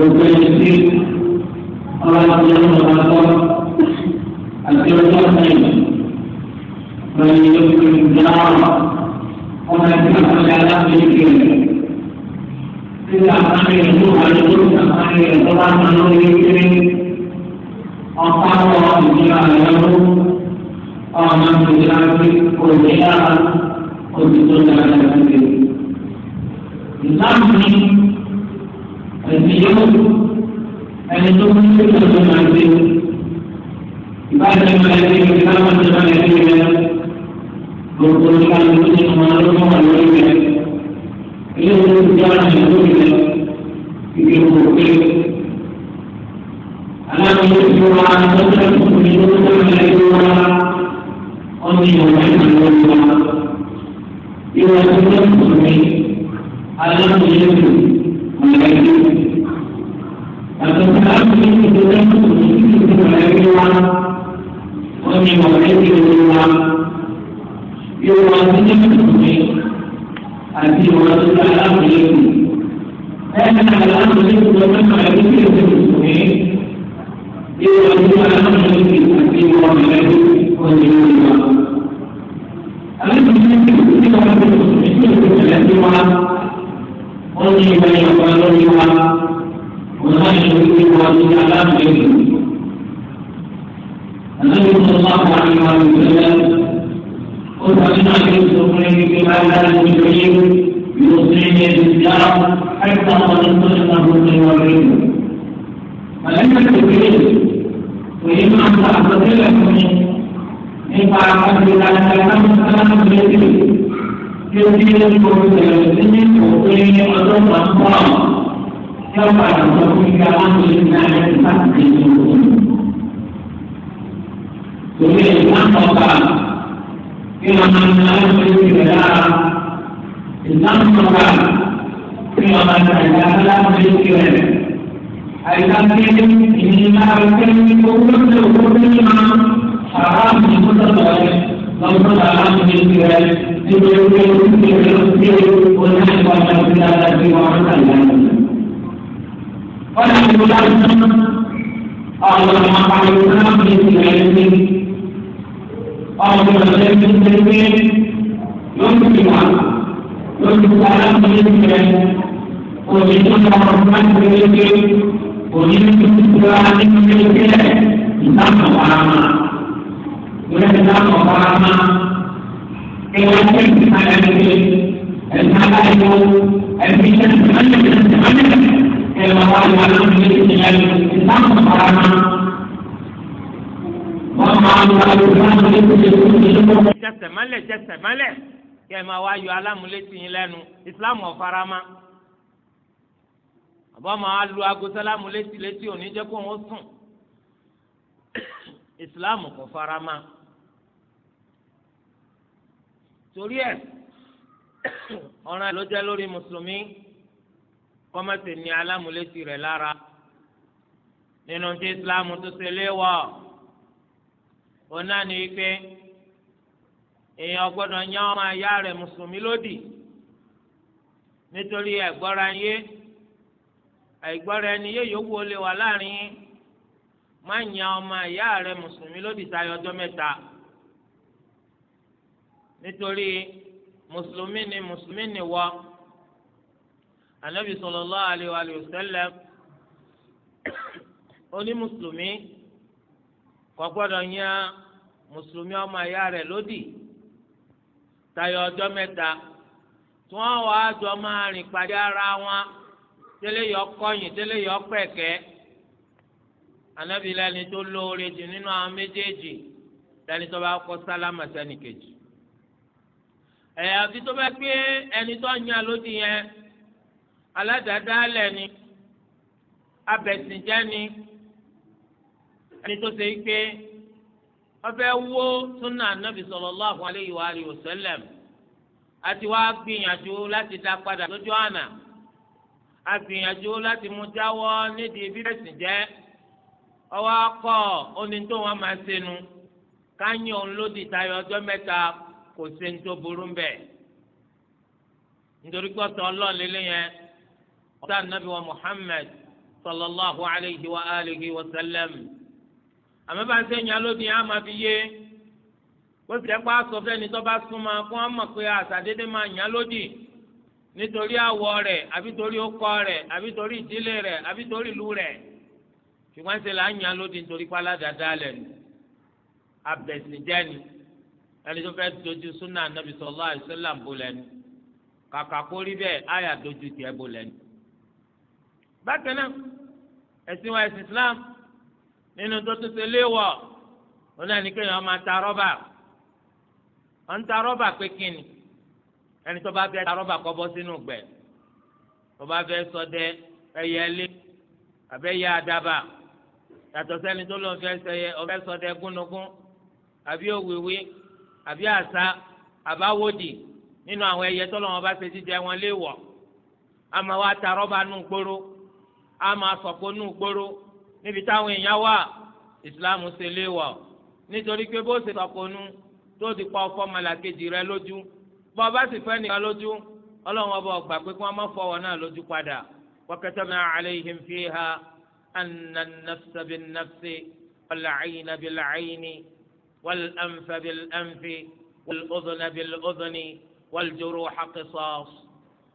gbogbo ẹni tí ọlọ́run torí ìlànà ọ̀gá kí wọ́n máa ń ta ọ̀gá ìrìn lára ìlànà ọ̀gá kí wọ́n máa ta ìlà aláàbò ìrìn rẹ̀. àìsà tí ìnira ọ̀gá ìrìn owó tó owó tó ní ma sàrà àmì tó tọ̀ rẹ̀ lọ́wọ́ sàrà àmì ìrìn rẹ̀ tí ó yẹ kí ó ti rẹ̀ ó ti rẹ̀ ó ní àìsàn ọ̀gá ìrìn lára tí wọ́n máa ta ìlà rẹ̀. wọ́n ti rẹ̀ láti àwọn ọmọ àwọn ìrìn rẹ̀ और जो बच्चे मिलते हैं उनके दिमाग उनके सारा मिल गए वो जीवन का वर्तमान करेंगे वो जीवन की पुरानी मिलते हैं नाम हमारा उन्हें नाम हमारा केवल सिखाया करेंगे ऐसा का जो एडमिशन बनाने के लिए हमारे वालों के लिए इंसान को बढ़ाना jẹsẹ̀mọ́lẹ̀ jẹsẹ̀mọ́lẹ̀ kí ẹ máa wá yọ alámúlétí yín lẹ́nu ìsìláàmù ọ̀farama àbọ̀ máa lu agosálámù létí létí òní jẹ́ kó wọ́n sùn ìsìláàmù kò farama torí ẹ̀ ọ̀ràn ló jẹ́ lórí mùsùlùmí kọ́mọ̀sì ní alámúlétí rẹ̀ lára nínú tí ìsìláàmù tó ṣe léwọ̀. òun náà ní wípé èèyàn gbọ́dọ̀ yan ọmọ ìyá rẹ̀ mùsùlùmí lódì nítorí ẹgbọra yé ẹ̀gbọ́ra ẹni yé yòówù ó lè láàrin má yan ọmọ rẹ̀ mùsùlùmí lódì tayọ ọjọ́ mẹ́ta nítorí mùsùlùmí ni mùsùlùmí ni wọ anabi wa kò gbọ́dọ̀ yan mùsùlùmí ọmọ ìyá rẹ lódì tayọ ọjọ mẹta tí wọ́n wàá jọ máa rìn pàdé ara wọn tẹ́lẹ̀ yọ kọ̀yìn tẹ́lẹ̀ yọ pẹ̀kẹ́ anabi lẹni tó lóore jù nínú àwọn méjèèjì lẹni tó bá kọ sálámà kejì tó bá gbé ẹni tó yan lódì yẹn lẹni ẹni tó ṣe pé wọ́n fẹ́ wó súnà alayhi wa alihi wa sallam àti wá gbìyànjú láti dá padà lójú àná a gbìyànjú láti mú jáwọ́ nídìí bíbẹ̀sì jẹ́ ọwọ́ akọ oní wọn máa ṣẹnu káyọ̀ ńlódì tayọ ọjọ́ mẹ́ta kò ṣe ń tó burú ń nítorí ọlọ́ọ̀lẹ́lẹ́ yẹn ọ̀tá wa alayhi wa wa àmọ́ bá ń sẹ́yìn alóbìnrin á máa fi yé bó ti dẹ́pọ̀ aṣọ n'i tó bá súnmọ́ kó wọ́n mọ̀ pé àṣàdédé máa yàn lódì nítorí àwọ̀ rẹ̀ àbí torí ọkọ rẹ̀ àbí torí ìdílé rẹ̀ àbí torí ìlú rẹ̀ ṣùgbọ́n ṣe là ń yàn lódì nítorí pálá dáadáa ẹni tó fẹ́ dojú súnà nàbì lẹ́nu kàkà kó rí bẹ́ẹ̀ dojú tiẹ̀ lẹ́nu. bákan náà nínú tó tún ṣe léwọ̀ ó náà ní kéèyàn máa ta rọ́bà ó ń ta rọ́bà pé kíni ẹni tó bá fẹ́ ta rọ́bà kọ́ bọ́ sínú gbẹ̀ tó bá fẹ́ ṣọdẹ ẹyẹ lé àbẹ́yẹ àdàbà yàtọ̀ sẹ́ni tó lọ́n fẹ́ sẹ́yẹ ọ̀fẹ́ ṣọdẹ gúnugún àbí òwìwí àbí àṣà àbáwòdì nínú àwọn ẹyẹ tó lọ́wọ́ bá ṣe jíjẹ wọn léèwọ̀ àmọ́ wa ta rọ́bà nù gbóró àmọ́ asọ̀kò nù gbóró níbi táwọn èèyàn wà ìsìláàmù ṣe léèwọ̀ nítorí pé bó ṣe sọ̀kònú tó ti pa ọfọ́ malakeji rẹ lójú bó ọba sì fẹ́ nìkan lójú ọlọ́run ọba ọgbà pé kí wọ́n má fọwọ́ náà lójú padà wa katabna alayhim fiha anna an-nafsa bin-nafsi wal-'ayna bil-'ayni wal-anfa bil-anfi wal-udhna bil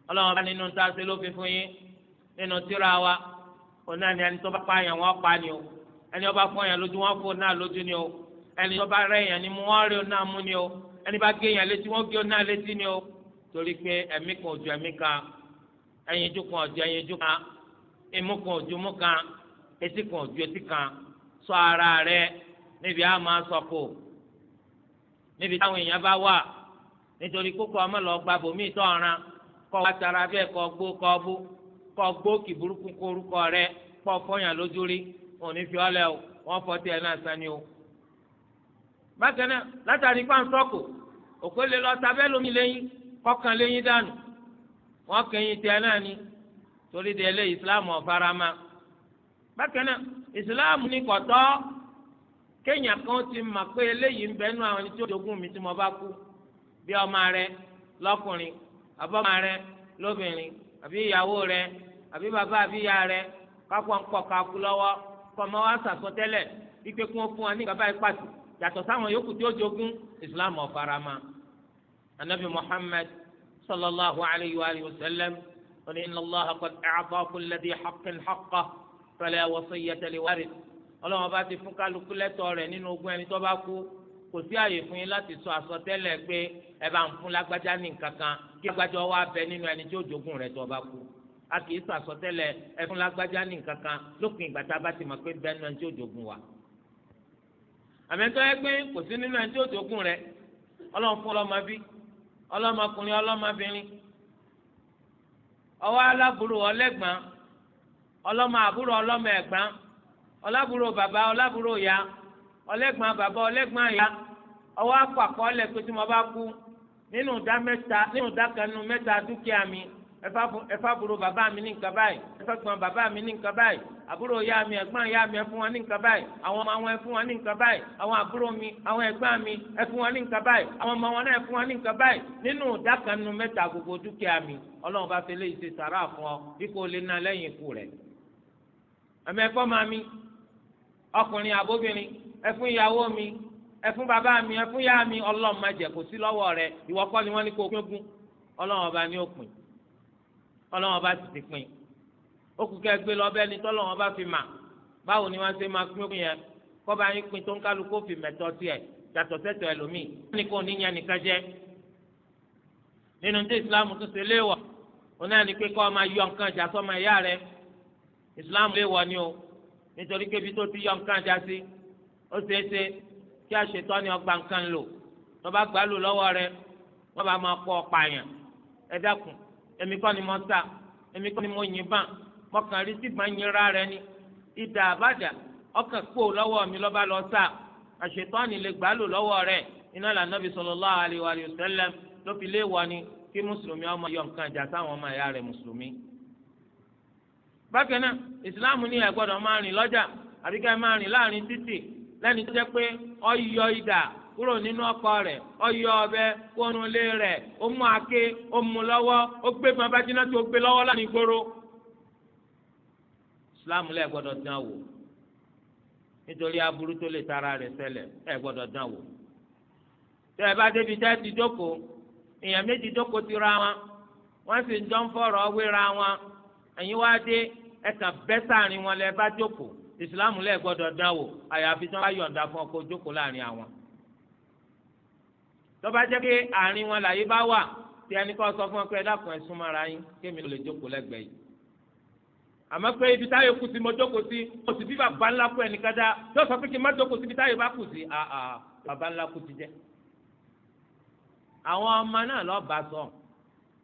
ọlọ́run ọba nínú tá a ṣe fún yín nínú tíra Ona ni ẹni tó bá pa yẹn wọ́n pa ni o ẹni tó bá fọ́ yẹn lójú wọ́n fọ́ náà lójú ni o ẹni tó bá rẹ́ yẹn ni mú wọ́n rí òun náà mú ni o ẹni bá gé yẹn létí wọ́n gé òun náà létí ni o torí pé ẹ̀mí kan ò ju ẹ̀mí kan ẹyinjú kan ò ju ẹyinjú kan imú kan ò ju kan etí kan ò etí kan ṣọ́ ara rẹ níbi á máa sọkò níbi táwọn èèyàn bá wà nítorí kókó ọmọ lọ gbàbọ míì tọ́ ọ̀ràn kọ́ wa tara bẹ́ẹ̀ kọ́ gbó kọ́ bú kọ́ gbóòkì burúkú kó orúkọ rẹ pọ̀ fọyàn lójú rí òní fi ọ́ lẹ̀ o wọ́n fọ́ tiẹ̀ náà sani o. bákan náà látàrí pàǹsọ́kù òkú lè lọ sábẹ́ lómi lẹ́yìn kọ́kàn lẹ́yìn dànù wọ́n kẹ́yìn tiẹ̀ náà ni torí de ilé ìsìláàmù ọ̀farama. bákan náà ìsìláàmù ni kọ̀tọ́ kéèyàn kan ti mà pé eléyìí ń àwọn tí ó jogún mi tí mo bá kú bí ọmọ rẹ lọ́kùnrin àbọ̀mọ rẹ lóbìnrin àbí ìyàwó rẹ àbí bàbá àbí ìyá rẹ kápọ̀ ńkọ̀ kakú lọ́wọ́ kọ́mọ wa sàsọtẹ́lẹ̀ wípé kí wọ́n fún wa ní bàbá ìpàtì yàtọ̀ sáwọn yòókù tí ó jogún islam ọ̀farama anabi muhammad sallallahu alayhi wa sallam قل إن الله قد أعطى كل ذي حق حقه فلا وصية لوارث ọlọ́wọ́n bá ti fún kálukú lẹ́tọ̀ọ́ rẹ̀ nínú ogún ẹni tó bá kú kò sí àyè fún yín láti sọ àsọtẹ́lẹ̀ pé ẹ bá ń fún lágbájá ní kí lágbájá wá bẹ nínú ẹni tí ó jogún rẹ̀ tó bá kú a kì í sọ àsọtẹ́lẹ̀ ẹ fún lágbájá ní lópin ìgbà tá a pé bẹ nínú ẹni ó jogún wa. àmẹ́tọ́ ẹ pé kò sí nínú ẹni tí ó jogún rẹ̀ ọlọ́run fún ọlọ́mọ ọlẹ́gbọ̀n bàbá ọlẹ́gbọ̀n ìyá ọwọ́ akọ àkọọ́lẹ̀ pé tí mo bá kú nínú ìdá mẹ́ta nínú ìdá kan nínú mẹ́ta dúkìá mi ẹ̀fà àbúrò bàbá mi ní nǹkan báyìí ẹ̀fà gbọ́n bàbá mi ní nǹkan báyìí àbúrò ya mi ẹ̀gbọ́n ya mi ẹ fún wọn ní nǹkan báyìí àwọn ọmọ àwọn ẹ wọn ní nǹkan báyìí àwọn àbúrò mi àwọn ẹ̀gbọ́n mi ẹ fún wọn ní nǹkan báyìí àwọn ọmọ wọn náà ẹ wọn ní nǹkan báyìí nínú ìdá kan nínú mẹ́ta gbogbo dúkìá mi ọlọ́run bá fẹlẹ́ ìṣe sàrà fún ọ dípò lè ná lẹ́yìn ikú rẹ̀ ẹ̀mẹ́fọ́ máa ọkùnrin àbóbìnrin ẹ fún ìyàwó mi ẹ fún bàbá mi ẹ fún yá mi ọlọ́run má jẹ́ kó sí lọ́wọ́ rẹ ìwọ kọ́ ni wọ́n ní kó pín ogún ọlọ́run ọba ní òpin ọlọ́run ọba sì ti pín ó kù kẹ́ gbé lọ bẹ́ẹ̀ ni tọ́lọ́run ọba fi mà báwo ni wọ́n ṣe máa pín ogún yẹn kọ́ba yín pin tó ń kálukó fi mẹ́tọ́ tiẹ̀ yàtọ̀ sẹ́tọ̀ ẹlòmíì wọ́n ní kó níyàn nìkan jẹ́ nínú tí islam tún ṣe léèwọ̀ òun náà ní pé kọ́ máa yọ nǹkan ìjà sọ́mọ ìyá rẹ islam léèwọ̀ ni o nítorí pé ibi tó ti yọ nǹkan ìjà sí ó ṣeé ṣe kí àṣetọ́ ni ọgbà nǹkan lò tó bá gbà lò lọ́wọ́ rẹ wọ́n bá máa kọ́ ọ̀pá yẹn ẹ dákun èmi kọ́ ni mo sá èmi kọ́ ni mo rí sí rẹ ni ìdà àbàdà ọkàn kú lọ́wọ́ mi lọ́ba lọ sà àṣetọ́ ni lè gbà lò lọ́wọ́ rẹ iná là ló fi lé wọ ni kí mùsùlùmí ọmọ yọ nǹkan ọmọ ìyá rẹ mùsùlùmí bákan náà lẹ́ni tó jẹ́ pé ọyọ idà kúrò nínú ọkọ rẹ̀ ọyọ ọ̀bẹ kónú ilé rẹ̀ ó mú àáké ó mú lọ́wọ́ ó gbé babájíná tó gbé lọ́wọ́ lánàá ìgboro. islam lẹ gbọ́dọ̀ dán wò nítorí aburú tó lè tara rẹ̀ ṣẹlẹ̀ ẹ gbọ́dọ̀ dán wò. tẹ́ ẹ bá débi tẹ́ ti jókòó èèyàn méjì jókòó ti ra wọn wọ́n sì ń jọ ń fọ̀rọ̀ wéra wọn ẹ̀yin wá dé ẹ̀ka bẹ́sàárín wọn lẹ bá jókòó ìsìláàmù lẹ́ẹ̀ gbọ́dọ̀ dán wò àyàfi tí wọ́n bá yọ̀ǹda fún ọkọ̀ ojókòó láàrin àwọn. tó bá jẹ́ pé àárín wọn làyè bá wà tí ẹnì kan sọ fún ọ pé ẹdáàkùn ẹ súnmọ́ ara yín kémi ló lè jókòó lẹ́gbẹ̀ẹ́ yìí. àmọ́ pé ibi táyé kù sí mo jókòó sí mo sì bí bàbá ńlá kú ẹnì kájá yóò sọ pé kí n má jókòó síbi táyé bá kù sí bàbá ńlá kú ti jẹ́. àwọn ọmọ náà lọ́ọ́ bá sọ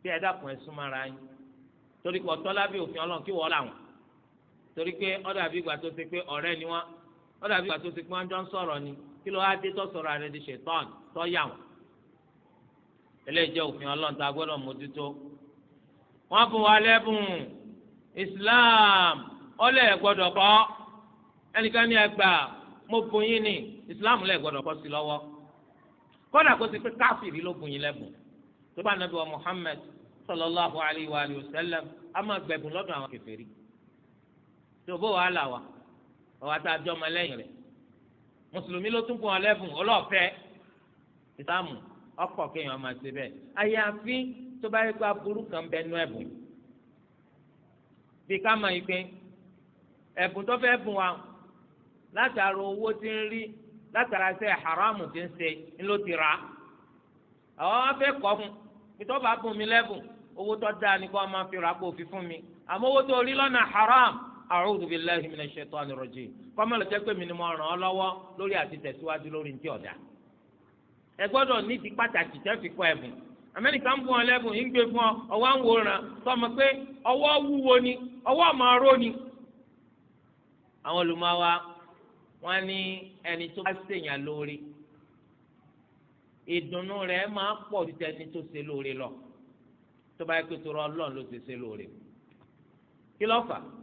pé ẹdáàkùn torí pé ọ̀dà bí ìgbà tó ṣe pé ọ̀rẹ́ ni wọ́n ọ̀dà bí ìgbà tó ṣe pé wọ́n jọ ń sọ̀rọ̀ ni kí ló wá dé tó sọ̀rọ̀ àrẹ di ṣètọ́n tó yà wọ́n. eléyìí jẹ́ òfin ọlọ́run tá a gbọ́dọ̀ mójútó. wọ́n fún wa lẹ́bùn Islam ọlẹ́ gbọ́dọ̀ kọ́ ẹnìkan ní ẹgbà mo bùn yín ni Islam lẹ́ gbọ́dọ̀ kọ́ sí lọ́wọ́. kọ́dà kó ti pé káfíìrì ló bùn yín lẹ́bùn tó bá nàbí wa Muhammad sallallahu alayhi wa sallam á máa tí o bó wàhálà wa ọwọ́ àti àjọ ọmọ ẹlẹ́yìn rẹ̀ mùsùlùmí ló tún fún ọ lẹ́bùn ọlọ́ọ̀fẹ́ ìsàmù ọkọ̀ kéèyàn máa ṣe àyàfi tó bá yẹ kó aburú kan bẹ nú ẹ̀bùn bí ká máa yí pé ẹ̀bùn tó bùn wa látara owó tí ń rí látara ṣe haramu ń ṣe ńlọ ti rà àwọn wá fẹ́ kọ́ fún ìtọ́ bá bùn lẹ́bùn owó tó dáa ni kó máa fi rà kó fi fún haram. a'udhu billahi minash shaitani rajim kọ́mọ̀lọ́ jẹ́ pé mi ni mo ràn ọ́ lọ́wọ́ lórí àti tẹ̀síwájú lórí ntí ọ̀dà ẹ gbọ́dọ̀ ní ti pàtàkì tẹ́ fi kọ́ ẹ̀bùn amẹ́ríkà ń bù ọ́ lẹ́bùn ń gbé fún ọ ọwọ́ ń wòran sọmọ pé ọwọ́ wúwo ni ọwọ́ máa ró ni. àwọn olùmọ̀wá wọn ní ẹni tó bá ṣèyàn lóore ìdùnnú rẹ̀ máa pọ̀ ju tẹni tó ṣe lóore lọ tó bá yẹ kó tó rọ ọlọ́run ló ṣe ṣe lóore kí ló fà á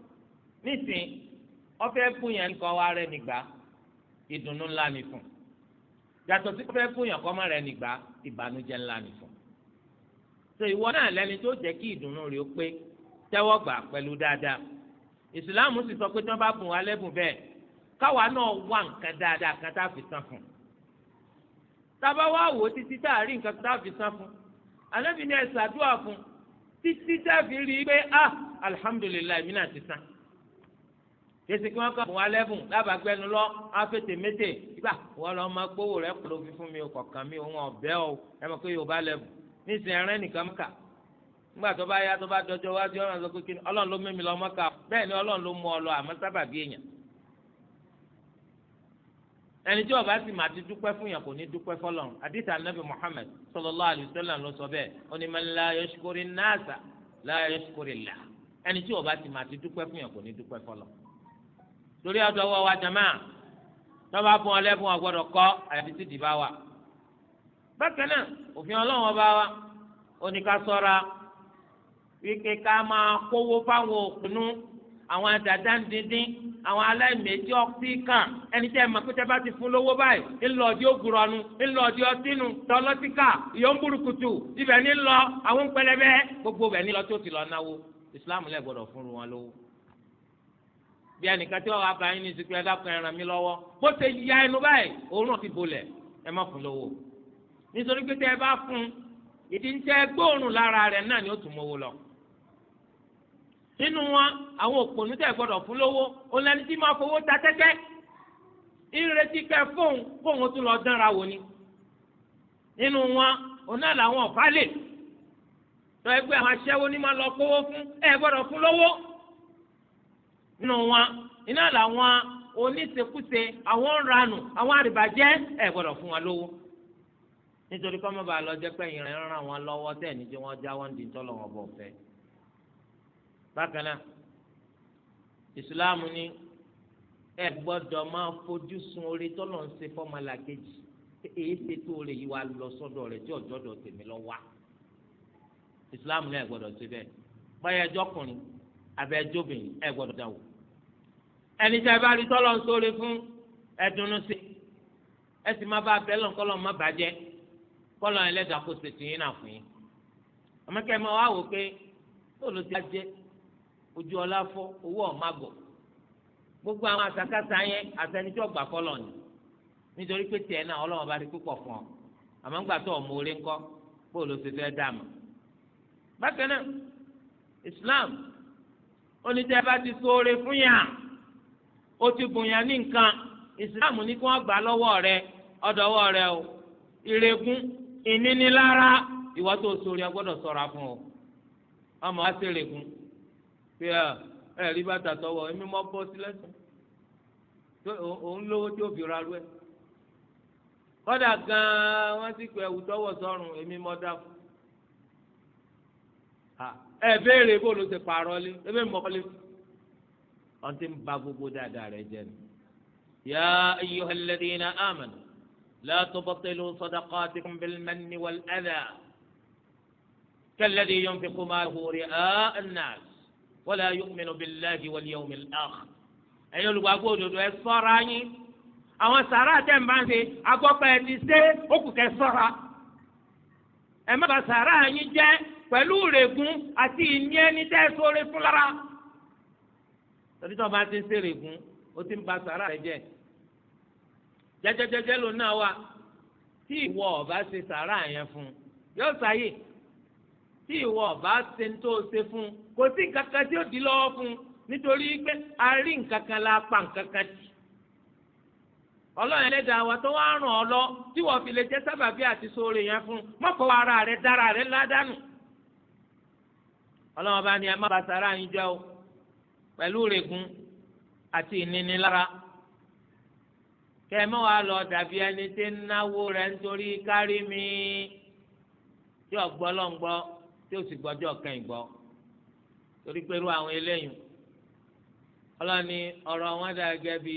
nísìn ọfẹ́ fún yẹn nǹkan wá rẹ nígbà ìdùnnú ńlá ni fún yàtọ̀ sí ọfẹ́ fún yẹn kọ́mọ rẹ nígbà ìbànújẹ́ ńlá ni fún so ìwọ náà lẹni tó jẹ́ kí ìdùnnú rẹ ó pé tẹ́wọ́ gbà pẹ̀lú dáadáa ìsìláàmù sì sọ pé tí wọ́n bá bùn wá lẹ́bùn bẹ́ẹ̀ káwa náà wá nǹkan dáadáa kan tá a fi san fún tábà wá wò ó títí tá a rí nǹkan tá a fi san fún ànábì ni ẹ ṣàdúrà fún títí tá a fi rí i pé ah alhamdulilayi mi náà ti san yẹsi kí wọn kọ wọn alẹbùn lábàgbẹnu lọ afẹtẹ mẹtẹ ibà wọn lọ máa gbowó rẹ kúló fífún mi kọkàn mi òun ọbẹ o ẹ mọ pé yorùbá lẹbùn nísìnyí ẹrẹ nìkan mọ nígbà tó bá yá tó bá dọjọ́ wájú Ọlọ́run sọ pé Ọlọ́run ló mímí lọ mọ bẹ́ẹ̀ ni Ọlọ́run ló mú ọ lọ àmọ́ sábàbí èèyàn ẹni tí ọba sì máa ti dúpẹ́ fún yàn kò ní dúpẹ́ fọ́lọ́run àdìsá anabi muhammed sallallahu alaihi ló sọ bẹ́ẹ̀ ó ní man la yashkuri nasa la yashkuri Allah ẹni tí ọba sì máa ti dúpẹ́ fún yàn kò ní dúpẹ́ fọ́lọ́run torí àtọwọ́ wa jama tọ́ba fún ọ lẹ́fún ọgbọ́dọ̀ kọ́ àyàfi tí dìbà wa. bákan náà òfin ọlọ́run ọba wa oníka sọ́ra wípé ká máa kówó fáwọn òpinnu àwọn àdàdà ń díndín àwọn aláìmẹjì ọtí kan ẹni tẹ́ ẹ mọ̀ pé tẹ́ bá ti fún lówó báyìí ńlọ ọdí ògùrọ̀ nu ńlọ ọdí ọtí nu tọlọ́tí ń burúkutu ibẹ̀ ní lọ àwọn pẹlẹbẹ gbogbo bẹ̀ ní lọ tó ti lọ náwó ìsìlámù lẹ̀ fún wọn lówó bí ẹnìkan tí wọn wá báyìí ní ìsìnkú ẹdá kan ẹran mi lọ́wọ́ bó ṣe ya ẹnu báyìí òórùn ti bolẹ̀ ẹ má fún lówó nítorí pé tẹ ẹ bá fún ìdí ń tẹ gbóòórùn lára rẹ̀ náà ni ó tún mówó lọ nínú wọn àwọn òpònú tẹ gbọ́dọ̀ fún lówó òun lẹni tí máa fowó ta tẹ́tẹ́ ìrètí kẹ fóun fóun tún lọ dánra wò ni nínú wọn òun làwọn ọ̀fà lè tọ́ ẹgbẹ́ àwọn aṣẹ́wó ní máa lọ kówó fún ẹ gbọ́dọ̀ fún lówó nínú wọn iná làwọn oníṣekúṣe àwọn ranù àwọn àrìbàjẹ́ ẹ̀ gbọ́dọ̀ fún wọn lówó nítorí kọ́ mọ́ bàa lọ jẹ́ pé ìrìn ràn wọn lọ́wọ́ tẹ̀ ní jẹ́ wọ́n já wọn di tọ́lọ̀ wọn bọ̀ fẹ́. bákan náà ìsìláàmù ni ẹ gbọ́dọ̀ máa fojú sun orí tọ́lọ̀ ń ṣe fọ́mọlá kejì èyí ṣe tó rè yí wa lọ sọ́dọ̀ rẹ̀ tí ọ̀jọ́dọ̀ tèmi lọ wá. ìsìláàmù ni ẹ gbọ́dọ̀ ṣe bẹ́ẹ̀ báyọ̀ ẹjọ́ kùnrin àbẹ̀ ẹ gbọ́dọ̀ dáwọ́ ẹni tí a bá rí tọ́lọ̀ ń sóore fún ẹ̀dùnnú sí ẹ sì má bá a bẹ́lọ̀ kọ́lọ̀ má bàjẹ́ kọ́lọ̀ ẹlẹ́dàá kó ṣètì yín náà fún yín àmọ́kẹ́ máa wá wò pé tóòlù ti jẹ́ ojú ọlá fọ́ owó ọ̀mágọ̀ gbogbo àwọn àtàkàtà yẹn àtẹnijọ́ gbà kọ́lọ̀ ni nítorí pé tiẹ̀ náà ọlọ́run bá ti púpọ̀ fún ọ àmọ́ ńgbà tó ọmọ orí ńkọ́ bóòlù ti fẹ́ dà mọ́ bákan náà Islam oníjẹ́ bá ti sóore fún yàn ó ti bùnyàn ní nǹkan ìsìláàmù ní kí wọ́n gbà lọ́wọ́ rẹ ọ̀dọ̀wọ́ rẹ o ìrègùn ìnínilára ìwà tó sórí agbọ́dọ̀ ṣọ́ra fún o ọmọ wa ṣe règùn pé ẹ rí bàtà tọwọ́ èmi mọ́ bọ́ sí lẹ́sìn òun lówó tí ó ra rú ẹ kọ́dà gan-an wọ́n ti pẹ̀ ẹ̀wù tọwọ́ sọ́run èmi mọ́ dá fún ẹ béèrè bó ló ṣe pààrọ̀ lé ebe mọ́ lé fún wọ́n ti ń ba gbogbo dáadáa rẹ̀ jẹ́ ni. ya ayyuhal ladhina amanu la tubtilu sadaqatikum bil manni wal adha kalladhi yunfiqu malahu ri'a'a an-nas wala yu'minu billahi wal yawmil akhir. ẹ̀yin olùgbàgbọ́ òdodo ẹ ṣọ́ra yín àwọn sàrà tẹ̀ ń bá ń ṣe agbọ́pẹ́ ẹ ti ṣe ó kù kẹ́ ṣọ́ra ẹ má bà sàrà yín jẹ́ pẹ̀lú rẹ̀gùn àti ìní ẹni tẹ́ sóore fún lára tọ́jú tó bá ti ń sèrè gún ó ti ń ba sàrà rẹ jẹ jẹjẹjẹjẹ ló náà wà tí ìwọ ọba ṣe sàrà yẹn fún yóò sáyè tí ìwọ ọba ṣe ń tó ṣe fún kò sí nǹkan kan tí ó di lọ́wọ́ fún nítorí pé a rí nǹkan kan la pa nǹkan kan tì ọlọ́run ẹlẹ́dàá wa tó wá ràn ọ́ lọ tí wọ́n fi lè jẹ́ sábàbí àti sóore yẹn fún mọ́kọ́ ara rẹ dára rẹ ládàánù ọlọ́run ọba ni ẹ má ba sàrà yín jẹ́ o. pẹ̀lú rẹ̀gùn àti ìnínilára kẹ́mọ́ wa lọ dàbí ẹni tí ń náwó rẹ̀ nítorí kárí mi tí ọ̀gbọ́ lọ́n gbọ́ tí ó sì gbọ́jọ́ kẹ́yìn gbọ́ torí pé irú àwọn eléyìí ọlọ́ni ọ̀rọ̀ wọn dà gẹ́gẹ́ bí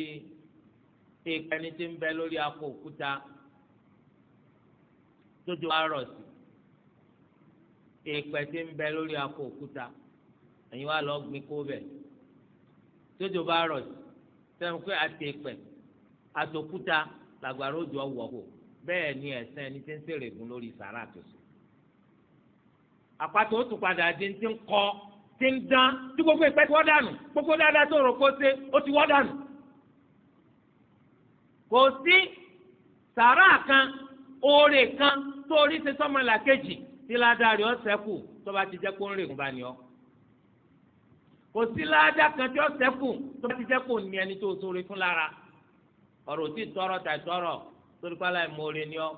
tí ń bẹ lórí akọ òkúta tójú tójò bá rọ̀ sẹ́nu pé àtẹ̀pẹ̀ àtòkúta làgbàrá òjò wọ̀ kó bẹ́ẹ̀ ni ẹ̀sìn ẹni tí ń sèrè gun lórí sàrà tó sùn. àpàtó tún padà di ti ń kọ́ ti ń dán tí gbogbo ìpẹ́ ti wọ́ dànù gbogbo dáadáa tó rò kó ṣe ó ti wọ́ dànù. kò sí sàrà kan oore kan tó orí ṣe sọ́mọlà kejì tí ládàá rẹ̀ ọ̀sẹ̀ kù tó bá ti jẹ́ kó ń rè kún bá ní ọ kò sí ládàá kan tí ó ṣẹ́kù tó bá ti jẹ́ kó ní ẹni tó sóore fún lára ọ̀rọ̀ tí tọrọ tà tọrọ torí pé aláì mọ̀ọ́rẹ́ ni ọ́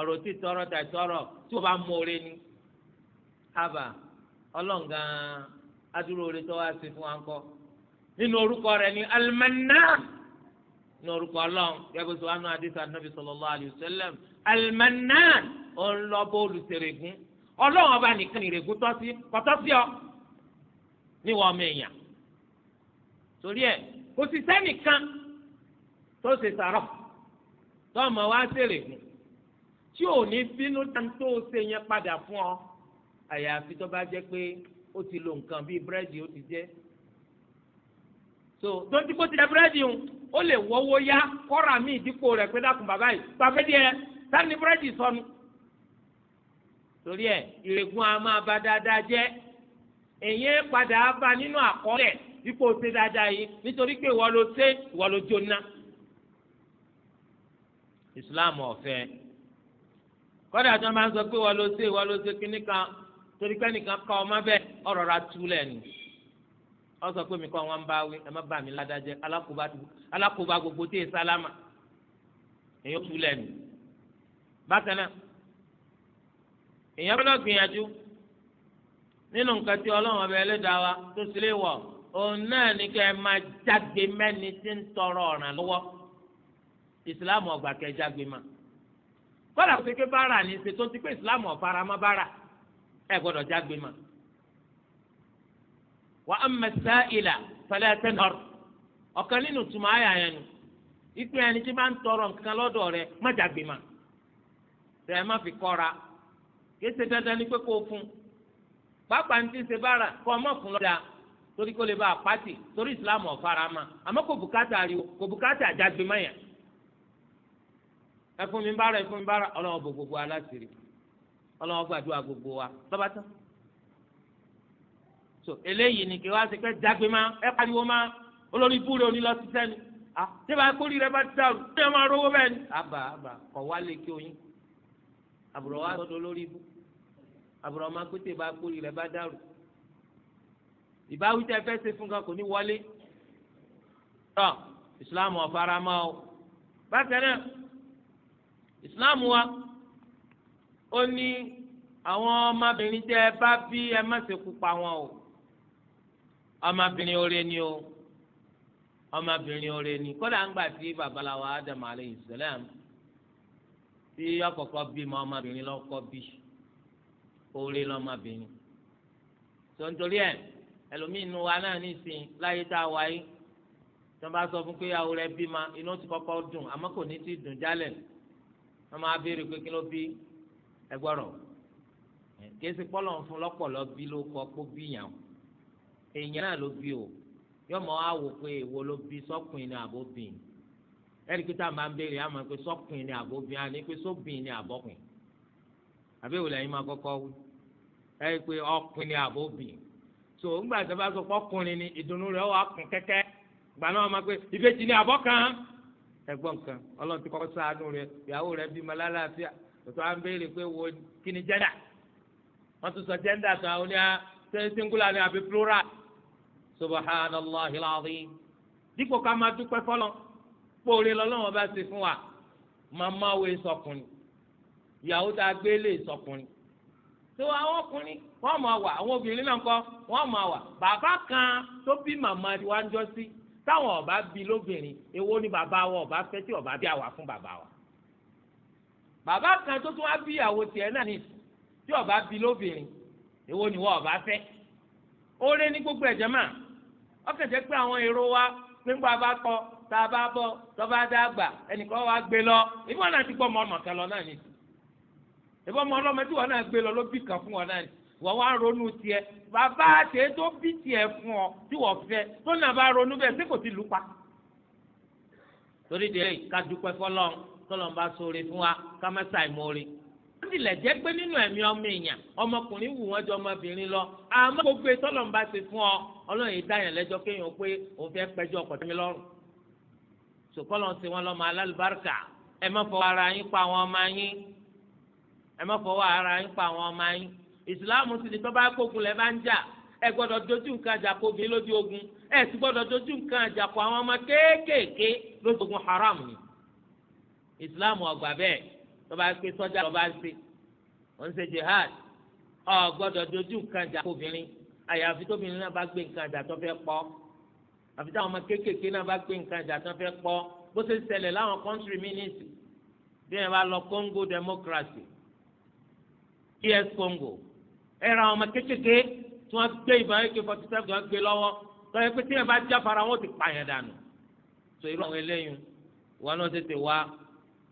ọ̀rọ̀ tí tọrọ tà tọrọ tí o bá mọ̀ọ́rẹ́ ni àbà ọlọ́ǹgàn adúrò orí tó wá sí fún wa ń kọ́ nínú orúkọ rẹ̀ ni alimanna ní orúkọ ọlọ́run gẹ́gẹ́ sọ wánú adé sàn nàbì sallallahu alayhi wa sallam alimanna ọlọ́bọ̀ olùsèrègùn ọlọ́run ọba nìkan ìrègùn tọ́sí kọ́tọ́sí níwọ̀ ọmọ èèyàn torí ẹ̀ kò sì sẹ́nìkan tó ṣe sàrọ̀ tó ọmọ wa ṣèrè fún tí ò ní bínú tó ṣe yẹn padà fún ọ àyàfi tó bá jẹ́ pé ó ti lo nǹkan bíi búrẹ́dì ó ti jẹ́ so tó ń dípò ti dẹ búrẹ́dì ń ó lè wọ́wọ́ yá kọ́ra mi ìdípò rẹ̀ pé dákun bàbá yìí bàbá díẹ̀ sani búrẹ́dì sọnù torí ẹ̀ ìrègùn a máa dáadáa jẹ́ èyí padà bá nínú àkọọ́lẹ̀ ipò ṣe dáadáa yìí nítorí pé ìwọ ló ṣe ìwọ ló jóná. ìsìláàmù ọ̀fẹ́ kọ́dà tó máa ń sọ pé ìwọ ló ṣe ìwọ ló ṣe kínní kan torí pé nìkan kọ́ ọmọ bẹ́ẹ̀ ọ̀rọ̀ ra túlẹ̀ ni ọ sọ pé mi kọ́ wọn bá wí ẹ má bà mí ládàjẹ́ alákòóbá gbogbo tí ì sálámà èyí ó túlẹ̀ ni bákan náà èyí á nínú nǹkan tí ọlọ́run ọba ẹlẹ́dàá wa tó sì wọ̀ òun náà ní ẹ máa jágbe mẹ́ni tí ń tọrọ ọ̀ràn lọ́wọ́ ìsìláàmù ọgbà kẹ́ jágbe kọ́lá pé bára ní ṣe tó ti pé ìsìláàmù ọ̀fara má bára ẹ gbọ́dọ̀ jágbe wa amma sa'ila ọ̀kan nínú yẹn nu ìpín ẹni tí bá ń tọrọ nǹkan lọ́dọ̀ rẹ má jágbe ma má fi kọ́ra kí ẹ ṣe dandan ní pápá ń ti ṣe bára kọ́ ọmọ fún lọ́dà torí kó lè bá a pàtì torí ìsìlámù ọ̀fara ma àmọ́ kò bùkátà ariwo kò bùkátà àjàgbé mọ́yà ẹ fún mi bára ẹ fún mi bára ọlọ́wọ́ bò gbogbo aláṣìírí ọlọ́wọ́ gbàdúrà gbogbo wa tọ́ba so eléyìí ni kí wá sí pé jágbe má ẹ pariwo má olórí búrò ní lọ sí sẹ́ni tí bá kórìí rẹ bá ti dàrú ṣé ẹ máa rówó bẹ́ẹ̀ ni àbà àbà kọ̀ wá kí oyin àbùrọ̀ wá sọ́dọ̀ olórí búrò àbúrò ọmọ akóté bá kórì rẹ̀ bá dàrú ìbáwí tẹ fẹ́ ṣe fún kan kò ní wọlé tọ́ ìsìláàmù ọ̀faramọ́ o bákan náà ìsìláàmù wa ó ní àwọn ọmọbìnrin tẹ bá bí ẹ má ṣe kú pa wọn o ọmọbìnrin oore ni o ọmọbìnrin oore ni kódà ń gbà tí babaláwa Adam alayhi salam tí ọkọ̀ọ̀kọ̀ bí ọmọbìnrin lọ́kọ́ bí orí lọ́mọbìnrin tó ń torí ẹ̀ ẹlòmíín nu wa náà nísìn láyé tá a wáyé tó ń bá sọ fún pé ìyàwó rẹ̀ bímọ ti kọ́kọ́ dùn àmọ́ kò ní ti dùn jálẹ̀ wọ́n máa béèrè pé kí ló bí ẹgbọ́rọ̀ kéésì pọ́lọ̀ ń fún bí ló kọ́ kó bí èèyàn o pé ló bí sọ́kùnrin pé tá a máa ń béèrè àmọ́ pé sọ́kùnrin àní pé sóbìn ẹ pé ọkùnrin àbóbì so ńgbà tó bá sọ pé ọkùnrin ni ìdùnnú rẹ̀ wà kún kẹ́kẹ́ gbà náà máa pé ìbejì ni àbọ̀ kan ẹ̀gbọ́n kan ti kọ́kọ́ rẹ ìyàwó bímọ lálàáfíà tòtò à ń béèrè pé wo kí ni jẹ́ndà wọ́n tún sọ jẹ́ndà tó àwọn oníyà singular ni àbí plural subhanallahi alazim dípò ká máa dúpẹ́ fọlọ́ bá fún wa màmá wo ìsọkùnrin tó àwọn ọkùnrin wọ́n máa wà àwọn obìnrin náà kọ́ wọ́n máa wà bàbá kan tó bí màmá wa ń jọ sí táwọn ọba bí lóbìnrin èwo ni bàbá wa ọba fẹ́ tí ọba bí àwà fún bàbá wa bàbá kan tó tún wá bí ìyàwó tiẹ̀ náà ní tí ọba bí lóbìnrin èwo ni wọ́n ọba fẹ́ oore ní gbogbo ẹ̀jẹ̀ máa ọkàn pé àwọn èrò wa nígbà bá kọ tá a bá bọ tó bá dá gbà ẹnìkan wá gbé lọ ìbọn náà ti gbọ́ ọmọ ọmọ kan lọ náà nìyí ìbọn ọmọ ọlọ́mọ tí wọn náà gbé lọ ló bí kan fún wọn náà ni wọ́n wá ronú tiẹ̀ bàbá àti ètò bí tiẹ̀ fún ọ tí wọ́n fẹ́ tó náà bá ronú bẹ́ẹ̀ sí kò ti lù pa. torí dèrè ká dúpẹ́ fọlọ́n tọ́lọ́n bá sóore fún wa ká má ṣàì mórí. wọ́n tilẹ̀ jẹ́ pé nínú ẹ̀mí ọmọ èèyàn ọmọkùnrin wù wọ́n jọ ọmọbìnrin lọ àmọ́ gbogbo tọ́lọ́n bá ṣe fún ọ ọlọ́run dáyàn lẹ́jọ́ kéèyàn pé òun fẹ́ pẹ́jọ́ ọkọ̀ ẹ má fọwọ́ ara yín pa àwọn ọmọ yín ìsìláàmù sì ni tó bá kókun lẹ́ bá ń jà ẹ gbọ́dọ̀ dojú nǹkan àjàkọ obìnrin lójú ogun ẹ sì gbọ́dọ̀ dojú nǹkan àjàkọ àwọn ọmọ kéékèèké lójú ogun haram ni ìsìláàmù ọgbà bẹ́ẹ̀ tó bá pé sọ́jà lọ́ba ń ṣe ó ń ṣe jihad ọ gbọ́dọ̀ dojú nǹkan àjàkọ obìnrin àyàfi tóbìnrin náà bá gbé nǹkan àjà tó fẹ́ pọ́ àfi táwọn ọmọ kéékèèké náà bá gbé nǹkan àjà tó fẹ́ pọ́ bó ṣe ṣẹlẹ̀ láwọn kọ́ńtìrì mínísì bí wọ́n bá lọ Congo democracy es congo ẹ̀rọ àwọn ọmọ kékeré tí wọ́n gbé ìbọn ak forty seven wọ́n gbé lọ́wọ́ tọ́yẹ pé tí yẹn bá jáfara wọn ti pààyàn dànù tó irú àwọn eléyìí wọn náà tètè wá